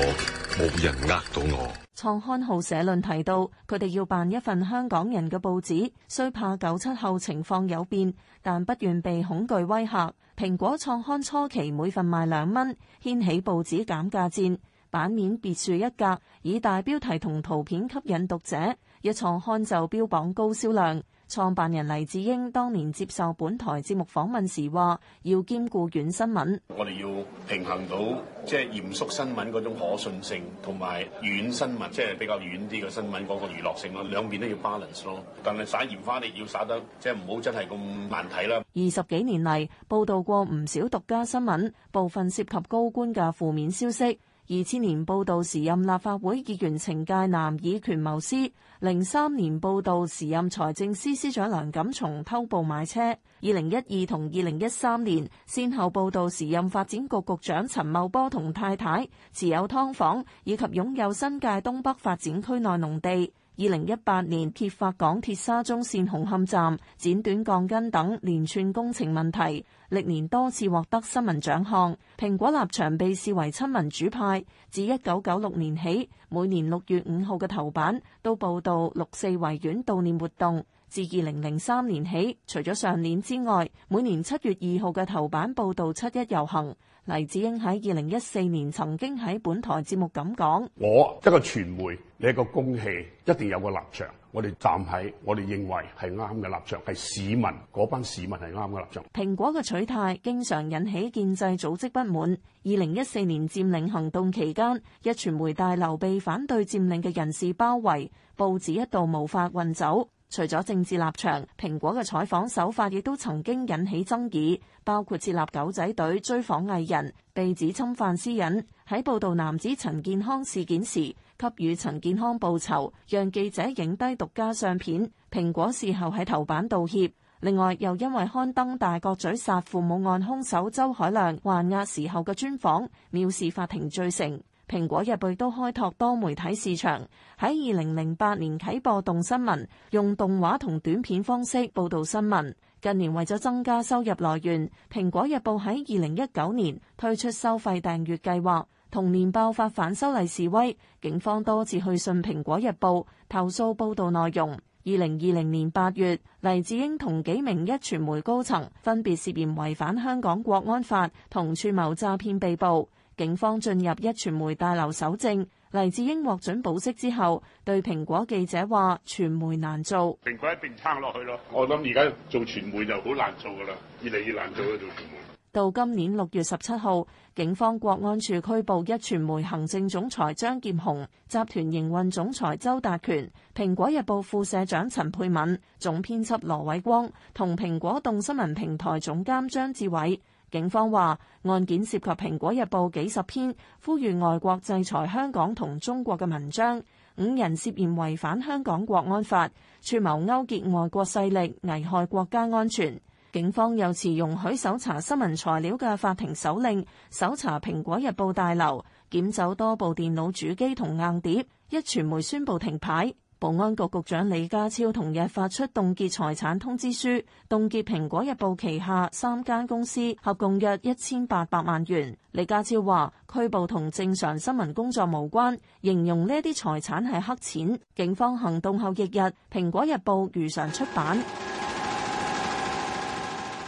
冇人呃到我。創刊號社論提到，佢哋要辦一份香港人嘅報紙，雖怕九七後情況有變，但不願被恐懼威嚇。蘋果創刊初期每份賣兩蚊，掀起報紙減價戰，版面別樹一格，以大標題同圖片吸引讀者。一創刊就標榜高銷量。創辦人黎智英當年接受本台節目訪問時話，要兼顧軟新聞。我哋要平衡到即係、就是、嚴肅新聞嗰種可信性，同埋軟新聞即係、就是、比較軟啲嘅新聞嗰個娛樂性咯，兩邊都要 balance 咯。但係撒鹽花你要撒得即係唔好真係咁難睇啦。二十幾年嚟，報導過唔少獨家新聞，部分涉及高官嘅負面消息。二千年報道時任立法會議員程介南以權謀私，零三年報道時任財政司司長梁錦松偷步買車，二零一二同二零一三年先後報道時任發展局局長陳茂波同太太持有劏房，以及擁有新界東北發展區內農地。二零一八年揭發港鐵沙中綫紅磡站剪短鋼筋等連串工程問題，歷年多次獲得新聞獎項。蘋果立場被視為親民主派，自一九九六年起，每年六月五號嘅頭版都報道六四維園悼念活動；自二零零三年起，除咗上年之外，每年七月二號嘅頭版報道七一遊行。黎智英喺二零一四年曾經喺本台節目咁講：我一個傳媒，你一個公器，一定有個立場。我哋站喺我哋認為係啱嘅立場，係市民嗰班市民係啱嘅立場。蘋果嘅取態經常引起建制組織不滿。二零一四年佔領行動期間，壹傳媒大樓被反對佔領嘅人士包圍，報紙一度無法運走。除咗政治立場，蘋果嘅採訪手法亦都曾經引起爭議，包括設立狗仔隊追訪藝人，被指侵犯私隱，喺報道男子陳健康事件時，給予陳健康報酬，讓記者影低獨家相片，蘋果事後喺頭版道歉。另外，又因為刊登大角咀殺父母案兇手周海亮還押時候嘅專訪，藐視法庭罪成。蘋果日報都開拓多媒體市場，喺二零零八年啟播動新聞，用動畫同短片方式報道新聞。近年為咗增加收入來源，蘋果日報喺二零一九年推出收費訂閱計劃，同年爆發反修例示威，警方多次去信蘋果日報投訴報道內容。二零二零年八月，黎智英同幾名一傳媒高層分別涉嫌違反香港國安法同串謀詐騙被捕。警方進入一傳媒大樓搜證，黎智英獲准保釋之後，對蘋果記者話：傳媒難做，蘋果一定撐落去咯。我諗而家做傳媒就好難做㗎喇，越嚟越難做啦，做傳媒。到今年六月十七號，警方國安處拘捕一傳媒行政總裁張劍虹、集團營運總裁周達權、蘋果日報副社長陳佩敏、總編輯羅偉光同蘋果動新聞平台總監張志偉。警方話，案件涉及《蘋果日報》幾十篇呼籲外國制裁香港同中國嘅文章，五人涉嫌違反香港國安法，串謀勾結外國勢力，危害國家安全。警方又持容許搜查新聞材料嘅法庭手令，搜查《蘋果日報》大樓，檢走多部電腦主機同硬碟，壹傳媒宣布停牌。保安局局長李家超同日發出凍結財產通知書，凍結蘋果日報旗下三間公司合共約一千八百萬元。李家超話拘捕同正常新聞工作無關，形容呢啲財產係黑錢。警方行動後翌日，蘋果日報如常出版，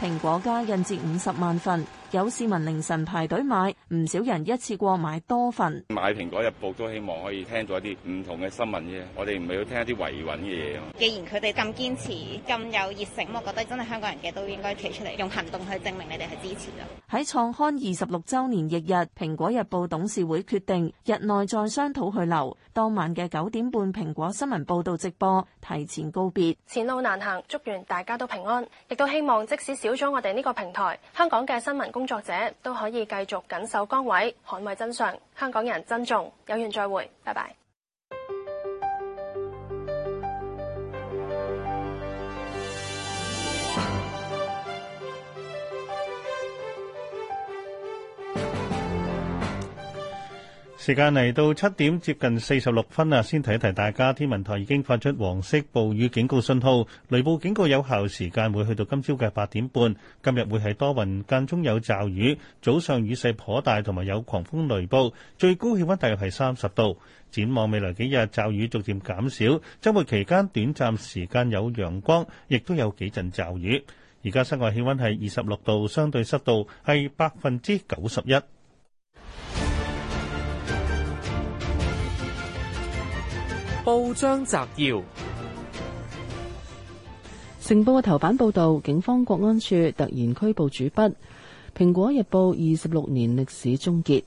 蘋果加印接五十萬份。有市民凌晨排隊買，唔少人一次過買多份。買《蘋果日報》都希望可以聽到一啲唔同嘅新聞啫，我哋唔係要聽一啲維穩嘅嘢。既然佢哋咁堅持，咁有熱誠，我覺得真係香港人嘅都應該企出嚟，用行動去證明你哋係支持啊！喺創刊二十六週年翌日，《蘋果日報》董事會決定，日內再商討去留。當晚嘅九點半蘋果新聞報道直播提前告別，前路難行，祝願大家都平安，亦都希望即使少咗我哋呢個平台，香港嘅新聞工作者都可以繼續緊守崗位，捍衛真相。香港人珍重，有緣再會，拜拜。時間嚟到七點接近四十六分啦，先提一提大家，天文台已經發出黃色暴雨警告信號，雷暴警告有效時間會去到今朝嘅八點半。今日會係多雲間中有驟雨，早上雨勢頗大，同埋有狂風雷暴，最高氣温大約係三十度。展望未來幾日驟雨逐漸減少，周末期間短暫時間有陽光，亦都有幾陣驟雨。而家室外氣温係二十六度，相對濕度係百分之九十一。報章摘要：成報嘅頭版報道，警方國安處突然拘捕主筆。蘋果日報二十六年歷史終結。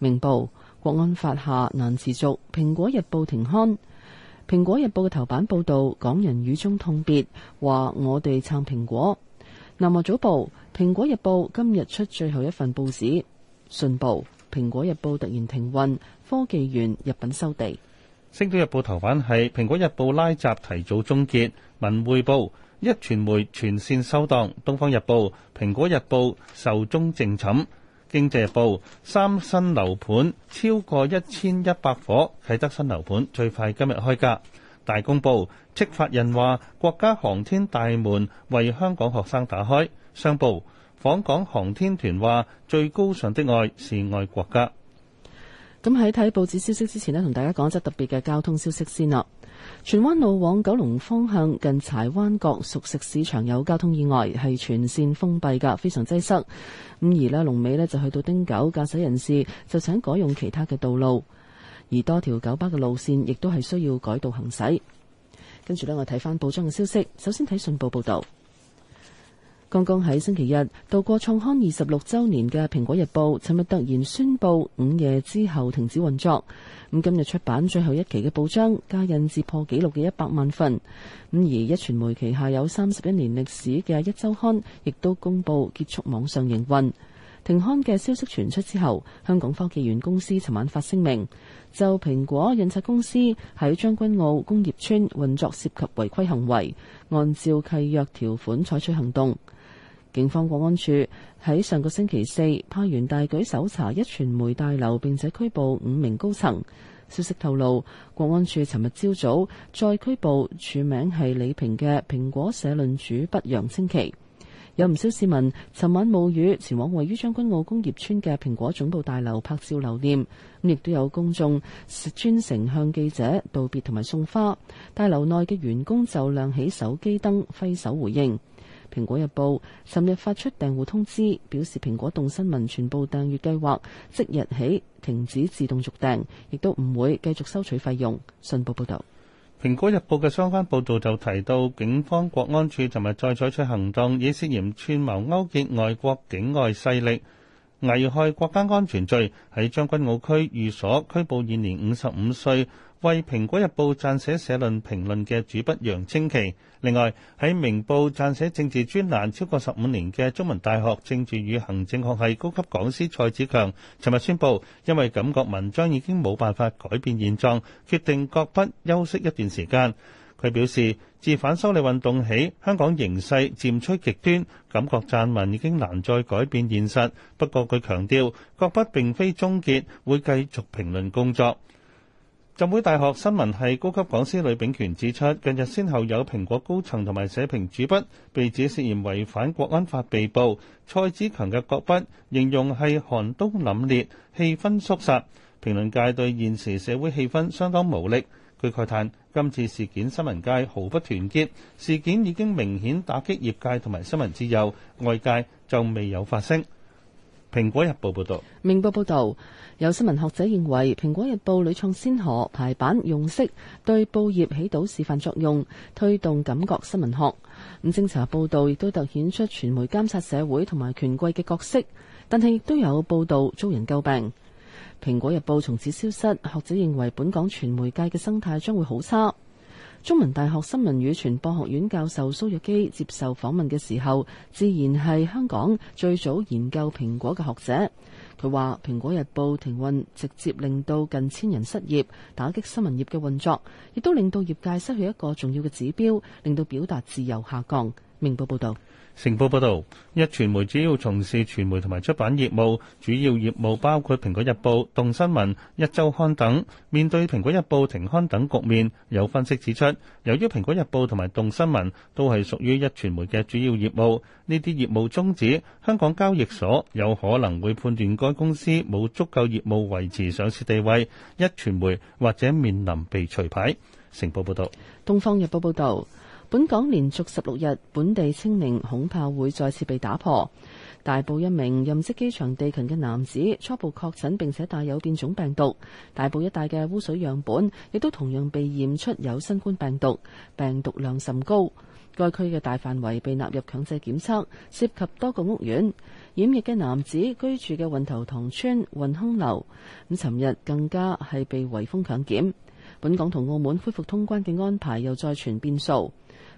明報國安法下難持續，蘋果日報停刊。蘋果日報嘅頭版報道，港人雨中痛別，話我哋撐蘋果。南華早報，蘋果日報今日出最後一份報紙。信報，蘋果日報突然停運。科技園入稟收地。《星島日報》頭版係《蘋果日報》拉閘提早終結，《文匯報》壹傳媒全線收檔，《東方日報》《蘋果日報》壽終正寢，《經濟日報》三新樓盤超過一千一百伙，啟德新樓盤最快今日開價，《大公報》戚法人話國家航天大門為香港學生打開，《商報》訪港航天團話最高尚的愛是愛國家。咁喺睇報紙消息之前呢，同大家講一則特別嘅交通消息先啦。荃灣路往九龍方向近柴灣角熟食市場有交通意外，係全線封閉㗎，非常擠塞。咁而呢龍尾呢，就去到丁九，駕駛人士就請改用其他嘅道路。而多條九巴嘅路線亦都係需要改道行駛。跟住呢，我睇返報章嘅消息，首先睇信報報道。剛剛喺星期日渡過創刊二十六周年嘅《蘋果日報》，尋日突然宣布午夜之後停止運作。咁今日出版最後一期嘅報章，加印至破紀錄嘅一百萬份。咁而壹傳媒旗下有三十一年歷史嘅《壹週刊》亦都公布結束網上營運。停刊嘅消息傳出之後，香港科技園公司尋晚發聲明，就蘋果印刷公司喺將軍澳工業村運作涉及違規行為，按照契約條款採取行動。警方國安處喺上個星期四派員大舉搜查一傳媒大樓，並且拘捕五名高層。消息透露，國安處尋日朝早再拘捕署名係李平嘅蘋果社論主筆楊清奇。有唔少市民尋晚冒雨前往位於將軍澳工業村嘅蘋果總部大樓拍照留念，亦都有公眾專程向記者道別同埋送花。大樓內嘅員工就亮起手機燈揮手回應。蘋果日報尋日發出訂戶通知，表示蘋果動新聞全部訂閱計劃即日起停止自動續訂，亦都唔會繼續收取費用。信報報道，蘋果日報嘅相關報道就提到，警方國安處尋日再採取行動，以涉嫌串謀勾結外國境外勢力。危害國家安全罪，喺將軍澳區寓所拘捕現年五十五歲為《蘋果日報》撰寫社論評論嘅主筆楊清奇。另外，喺《明報》撰寫政治專欄超過十五年嘅中文大學政治與行政學系高級講師蔡子強，尋日宣布因為感覺文章已經冇辦法改變現狀，決定擱筆休息一段時間。佢表示，自反修例運動起，香港形勢漸趨極端，感覺撰文已經難再改變現實。不過強調，佢強調，擱筆並非終結，會繼續評論工作。浸會大學新聞系高級講師呂秉權指出，近日先後有蘋果高層同埋社評主筆被指涉嫌違反國安法被捕，蔡子強嘅擱筆形容係寒冬凜冽，氣氛肅殺，評論界對現時社會氣氛相當無力。佢慨嘆：今次事件新聞界毫不團結，事件已經明顯打擊業界同埋新聞自由，外界就未有發聲。《蘋果日報》報道，報導，《明報》報導，有新聞學者認為，《蘋果日報》屢創先河排版用色，對報業起到示範作用，推動感覺新聞學。咁偵查報導亦都突顯出傳媒監察社會同埋權貴嘅角色，但係亦都有報導遭人詬病。蘋果日報從此消失，學者認為本港傳媒界嘅生態將會好差。中文大學新聞與傳播學院教授蘇鑰機接受訪問嘅時候，自然係香港最早研究蘋果嘅學者。佢話蘋果日報停運，直接令到近千人失業，打擊新聞業嘅運作，亦都令到業界失去一個重要嘅指標，令到表達自由下降。明報報道。成報報道，一傳媒主要從事傳媒同埋出版業務，主要業務包括《蘋果日報》、《動新聞》、《一週刊》等。面對《蘋果日報》停刊等局面，有分析指出，由於《蘋果日報》同埋《動新聞》都係屬於一傳媒嘅主要業務，呢啲業務中止，香港交易所有可能會判斷該公司冇足夠業務維持上市地位，一傳媒或者面臨被除牌。成報報道，《東方日報》報道。本港連續十六日本地清零，恐怕會再次被打破。大埔一名任職機場地勤嘅男子初步確診並且帶有變種病毒，大埔一帶嘅污水樣本亦都同樣被驗出有新冠病毒，病毒量甚高。該區嘅大範圍被納入強制檢測，涉及多個屋苑。染疫嘅男子居住嘅運頭塘村運亨樓，咁尋日更加係被圍封強檢。本港同澳門恢復通關嘅安排又再傳變數。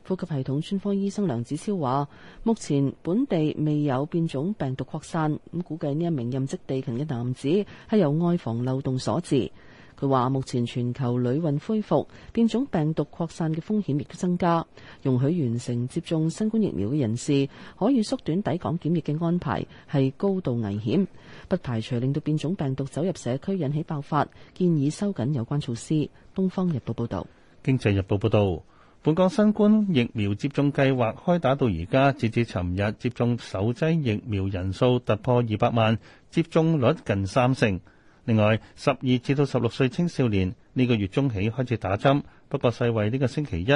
呼吸系統專科醫生梁子超話，目前本地未有變種病毒擴散，咁估計呢一名任職地勤嘅男子係由外防漏洞所致。佢話，目前全球旅運恢復，變種病毒擴散嘅風險亦都增加。容許完成接種新冠疫苗嘅人士可以縮短抵港檢疫嘅安排，係高度危險。不排除令到變種病毒走入社區引起爆發，建議收緊有關措施。《東方日報》報道，《經濟日報》報道。本港新冠疫苗接種計劃開打到而家，截至尋日接種首劑疫苗人數突破二百萬，接種率近三成。另外，十二至到十六歲青少年呢個月中起開始打針，不過世衛呢個星期一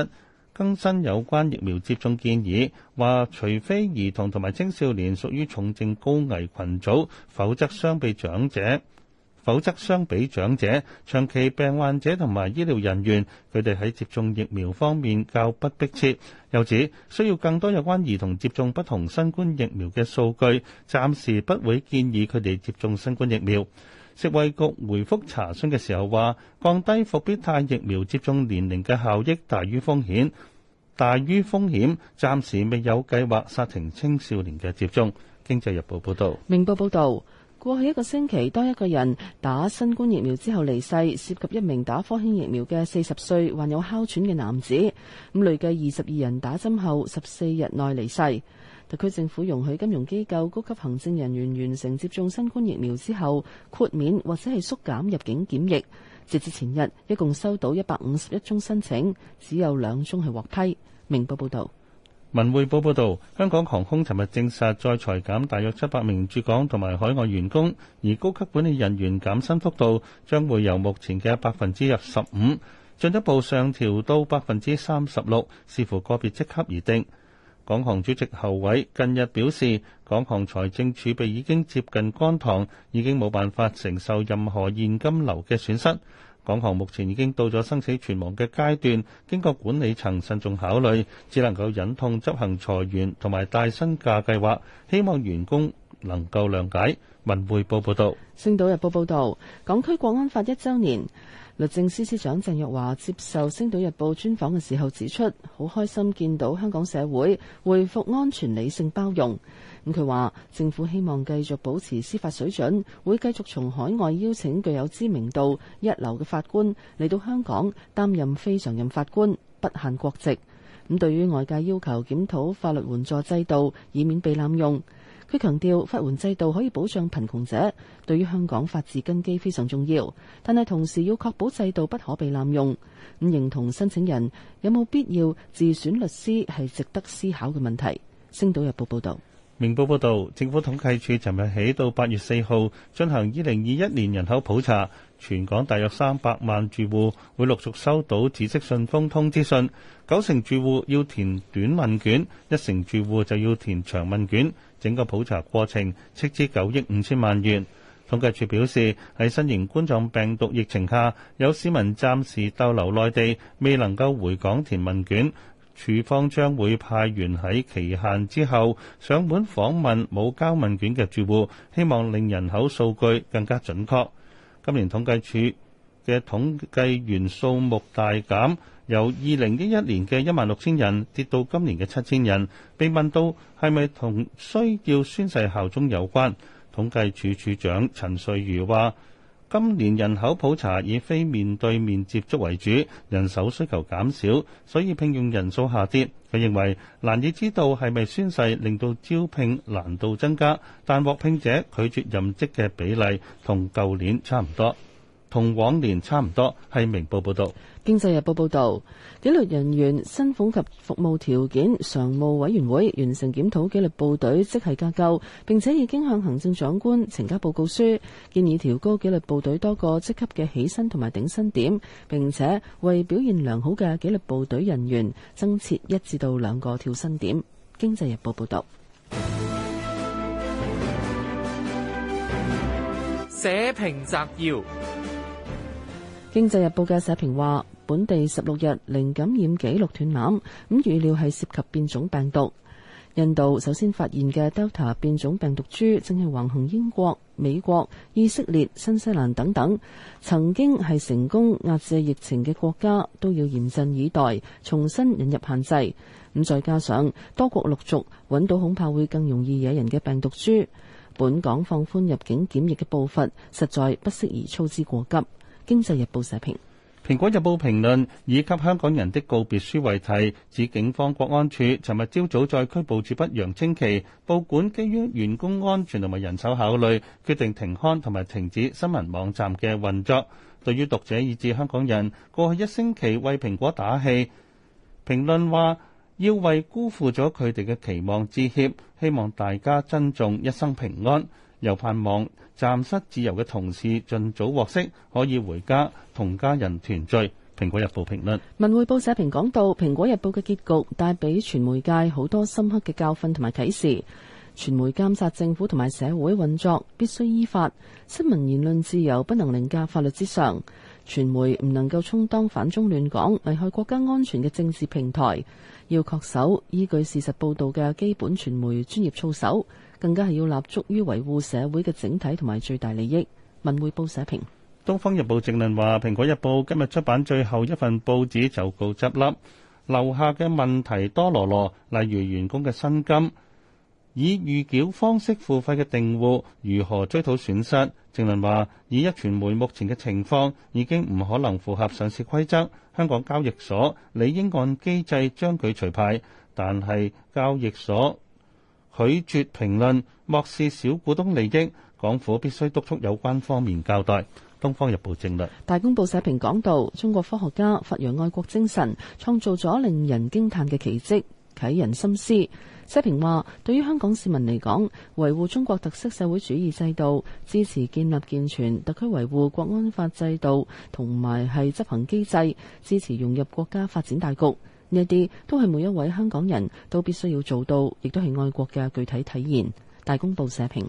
更新有關疫苗接種建議，話除非兒童同埋青少年屬於重症高危群組，否則雙臂長者。否則，相比長者、長期病患者同埋醫療人員，佢哋喺接種疫苗方面較不迫切。又指需要更多有關兒童接種不同新冠疫苗嘅數據，暫時不會建議佢哋接種新冠疫苗。食衛局回覆查詢嘅時候話，降低復必泰疫苗接種年齡嘅效益大於風險，大於風險，暫時未有計劃剎停青少年嘅接種。經濟日報報導，明報報導。過去一個星期多，當一個人打新冠疫苗之後離世，涉及一名打科興疫苗嘅四十歲患有哮喘嘅男子。咁累計二十二人打針後十四日內離世。特區政府容許金融機構高級行政人員完成接種新冠疫苗之後，豁免或者係縮減入境檢疫。截至前日，一共收到一百五十一宗申請，只有兩宗係獲批。明報報道。文匯報報導，香港航空尋日證實再裁減大約七百名駐港同埋海外員工，而高級管理人員減薪幅度將會由目前嘅百分之十五進一步上調到百分之三十六，視乎個別職級而定。港航主席侯偉近日表示，港航財政儲備已經接近乾塘，已經冇辦法承受任何現金流嘅損失。港航目前已經到咗生死存亡嘅階段，經過管理層慎重考慮，只能夠忍痛執行裁員同埋帶薪假計劃，希望員工能夠諒解。文匯報報道。《星島日報》報道，港區國安法一週年。律政司司長鄭若驊接受《星島日報》專訪嘅時候指出，好開心見到香港社會回復安全、理性、包容。咁佢話政府希望繼續保持司法水準，會繼續從海外邀請具有知名度、一流嘅法官嚟到香港擔任非常任法官，不限國籍。咁對於外界要求檢討法律援助制度，以免被濫用。佢強調，法援制度可以保障貧窮者，對於香港法治根基非常重要。但係同時要確保制度不可被濫用。唔認同申請人有冇必要自選律師，係值得思考嘅問題。《星島日報》報道，《明報》報道，政府統計處尋日起到八月四號進行二零二一年人口普查，全港大約三百萬住戶會陸續收到紫色信封通知信。九成住戶要填短問卷，一成住戶就要填長問卷。整個普查過程斥資九億五千萬元。統計處表示，喺新型冠狀病毒疫情下，有市民暫時逗留內地，未能夠回港填問卷，處方將會派員喺期限之後上門訪問冇交問卷嘅住戶，希望令人口數據更加準確。今年統計處嘅統計員數目大減。由二零一一年嘅一萬六千人跌到今年嘅七千人，被問到係咪同需要宣誓效忠有關，統計處處，處長陳瑞如話，今年人口普查以非面對面接觸為主，人手需求減少，所以聘用人數下跌。佢認為難以知道係咪宣誓令到招聘難度增加，但獲聘者拒絕任職嘅比例同舊年差唔多。同往年差唔多，係明報報道。經濟日報報道，紀律人員薪俸及服務條件常務委員會完成檢討紀律部隊職系架構，並且已經向行政長官呈交報告書，建議調高紀律部隊多個職級嘅起薪同埋頂薪點，並且為表現良好嘅紀律部隊人員增設一至到兩個跳薪點。經濟日報報道。社評摘要。《經濟日報》嘅社評話：本地十六日零感染記錄斷纜，咁預料係涉及變種病毒。印度首先發現嘅 Delta 變種病毒株，正係橫行英國、美國、以色列、新西蘭等等曾經係成功壓制疫情嘅國家，都要嚴陣以待，重新引入限制。咁再加上多國陸續揾到恐怕會更容易惹人嘅病毒株，本港放寬入境檢疫嘅步伐，實在不適宜操之過急。《經濟日報評》社評，《蘋果日報評論》評論以給香港人的告別書為題，指警方、國安處尋日朝早再拘捕主筆楊清奇，報館基於員工安全同埋人手考慮，決定停刊同埋停止新聞網站嘅運作。對於讀者以至香港人過去一星期為蘋果打氣，評論話要為辜負咗佢哋嘅期望致歉，希望大家珍重，一生平安。又盼望暫失自由嘅同事盡早獲釋，可以回家同家人團聚。《蘋果日報》評論：文匯報社評講到，《蘋果日報》嘅結局帶俾傳媒界好多深刻嘅教訓同埋啟示。傳媒監察政府同埋社會運作必須依法，新聞言論自由不能凌駕法律之上。傳媒唔能夠充當反中亂港、危害國家安全嘅政治平台，要確守依據事實報道嘅基本傳媒專業操守。更加係要立足於維護社會嘅整體同埋最大利益。文匯報社評，《東方日報》正論話：，蘋果日報今日出版最後一份報紙就告執笠，留下嘅問題多羅羅，例如員工嘅薪金，以預繳方式付費嘅訂戶如何追討損失？正論話：，以壹傳媒目前嘅情況已經唔可能符合上市規則，香港交易所理應按機制將佢除牌，但係交易所，拒絕評論，漠視小股東利益，港府必須督促有關方面交代。《東方日報》正論大公報社評講道：，中國科學家發揚愛國精神，創造咗令人驚嘆嘅奇蹟，啟人心思。社評話：，對於香港市民嚟講，維護中國特色社會主義制度，支持建立健全特區維護國安法制度同埋係執行機制，支持融入國家發展大局。呢啲都係每一位香港人都必須要做到，亦都係愛國嘅具體體現。大公報社評，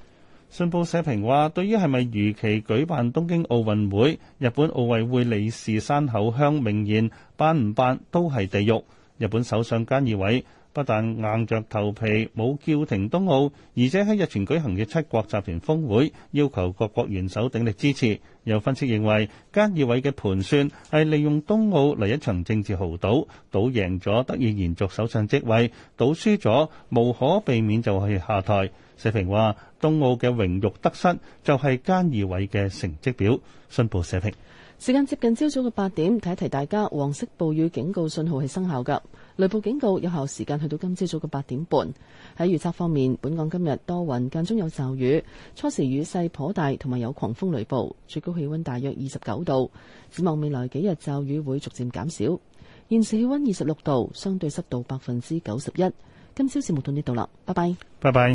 信報社評話：對於係咪如期舉辦東京奧運會，日本奧委會理事山口香明言，辦唔辦都係地獄。日本首相菅義偉。不但硬著頭皮冇叫停東奧，而且喺日前舉行嘅七國集團峯會，要求各國元首鼎力支持。有分析認為，菅義偉嘅盤算係利用東奧嚟一場政治豪賭，賭贏咗得以延續首相職位，賭輸咗無可避免就可以下台。社評話：東奧嘅榮辱得失就係菅義偉嘅成績表。信報社評。時間接近朝早嘅八點，提一提大家黃色暴雨警告信號係生效㗎。雷暴警告有效時間去到今朝早嘅八點半。喺預測方面，本港今日多雲，間中有驟雨，初時雨勢頗大，同埋有狂風雷暴，最高氣溫大約二十九度。展望未來幾日驟雨會逐漸減少。現時氣溫二十六度，相對濕度百分之九十一。今朝節目到呢度啦，拜拜，拜拜。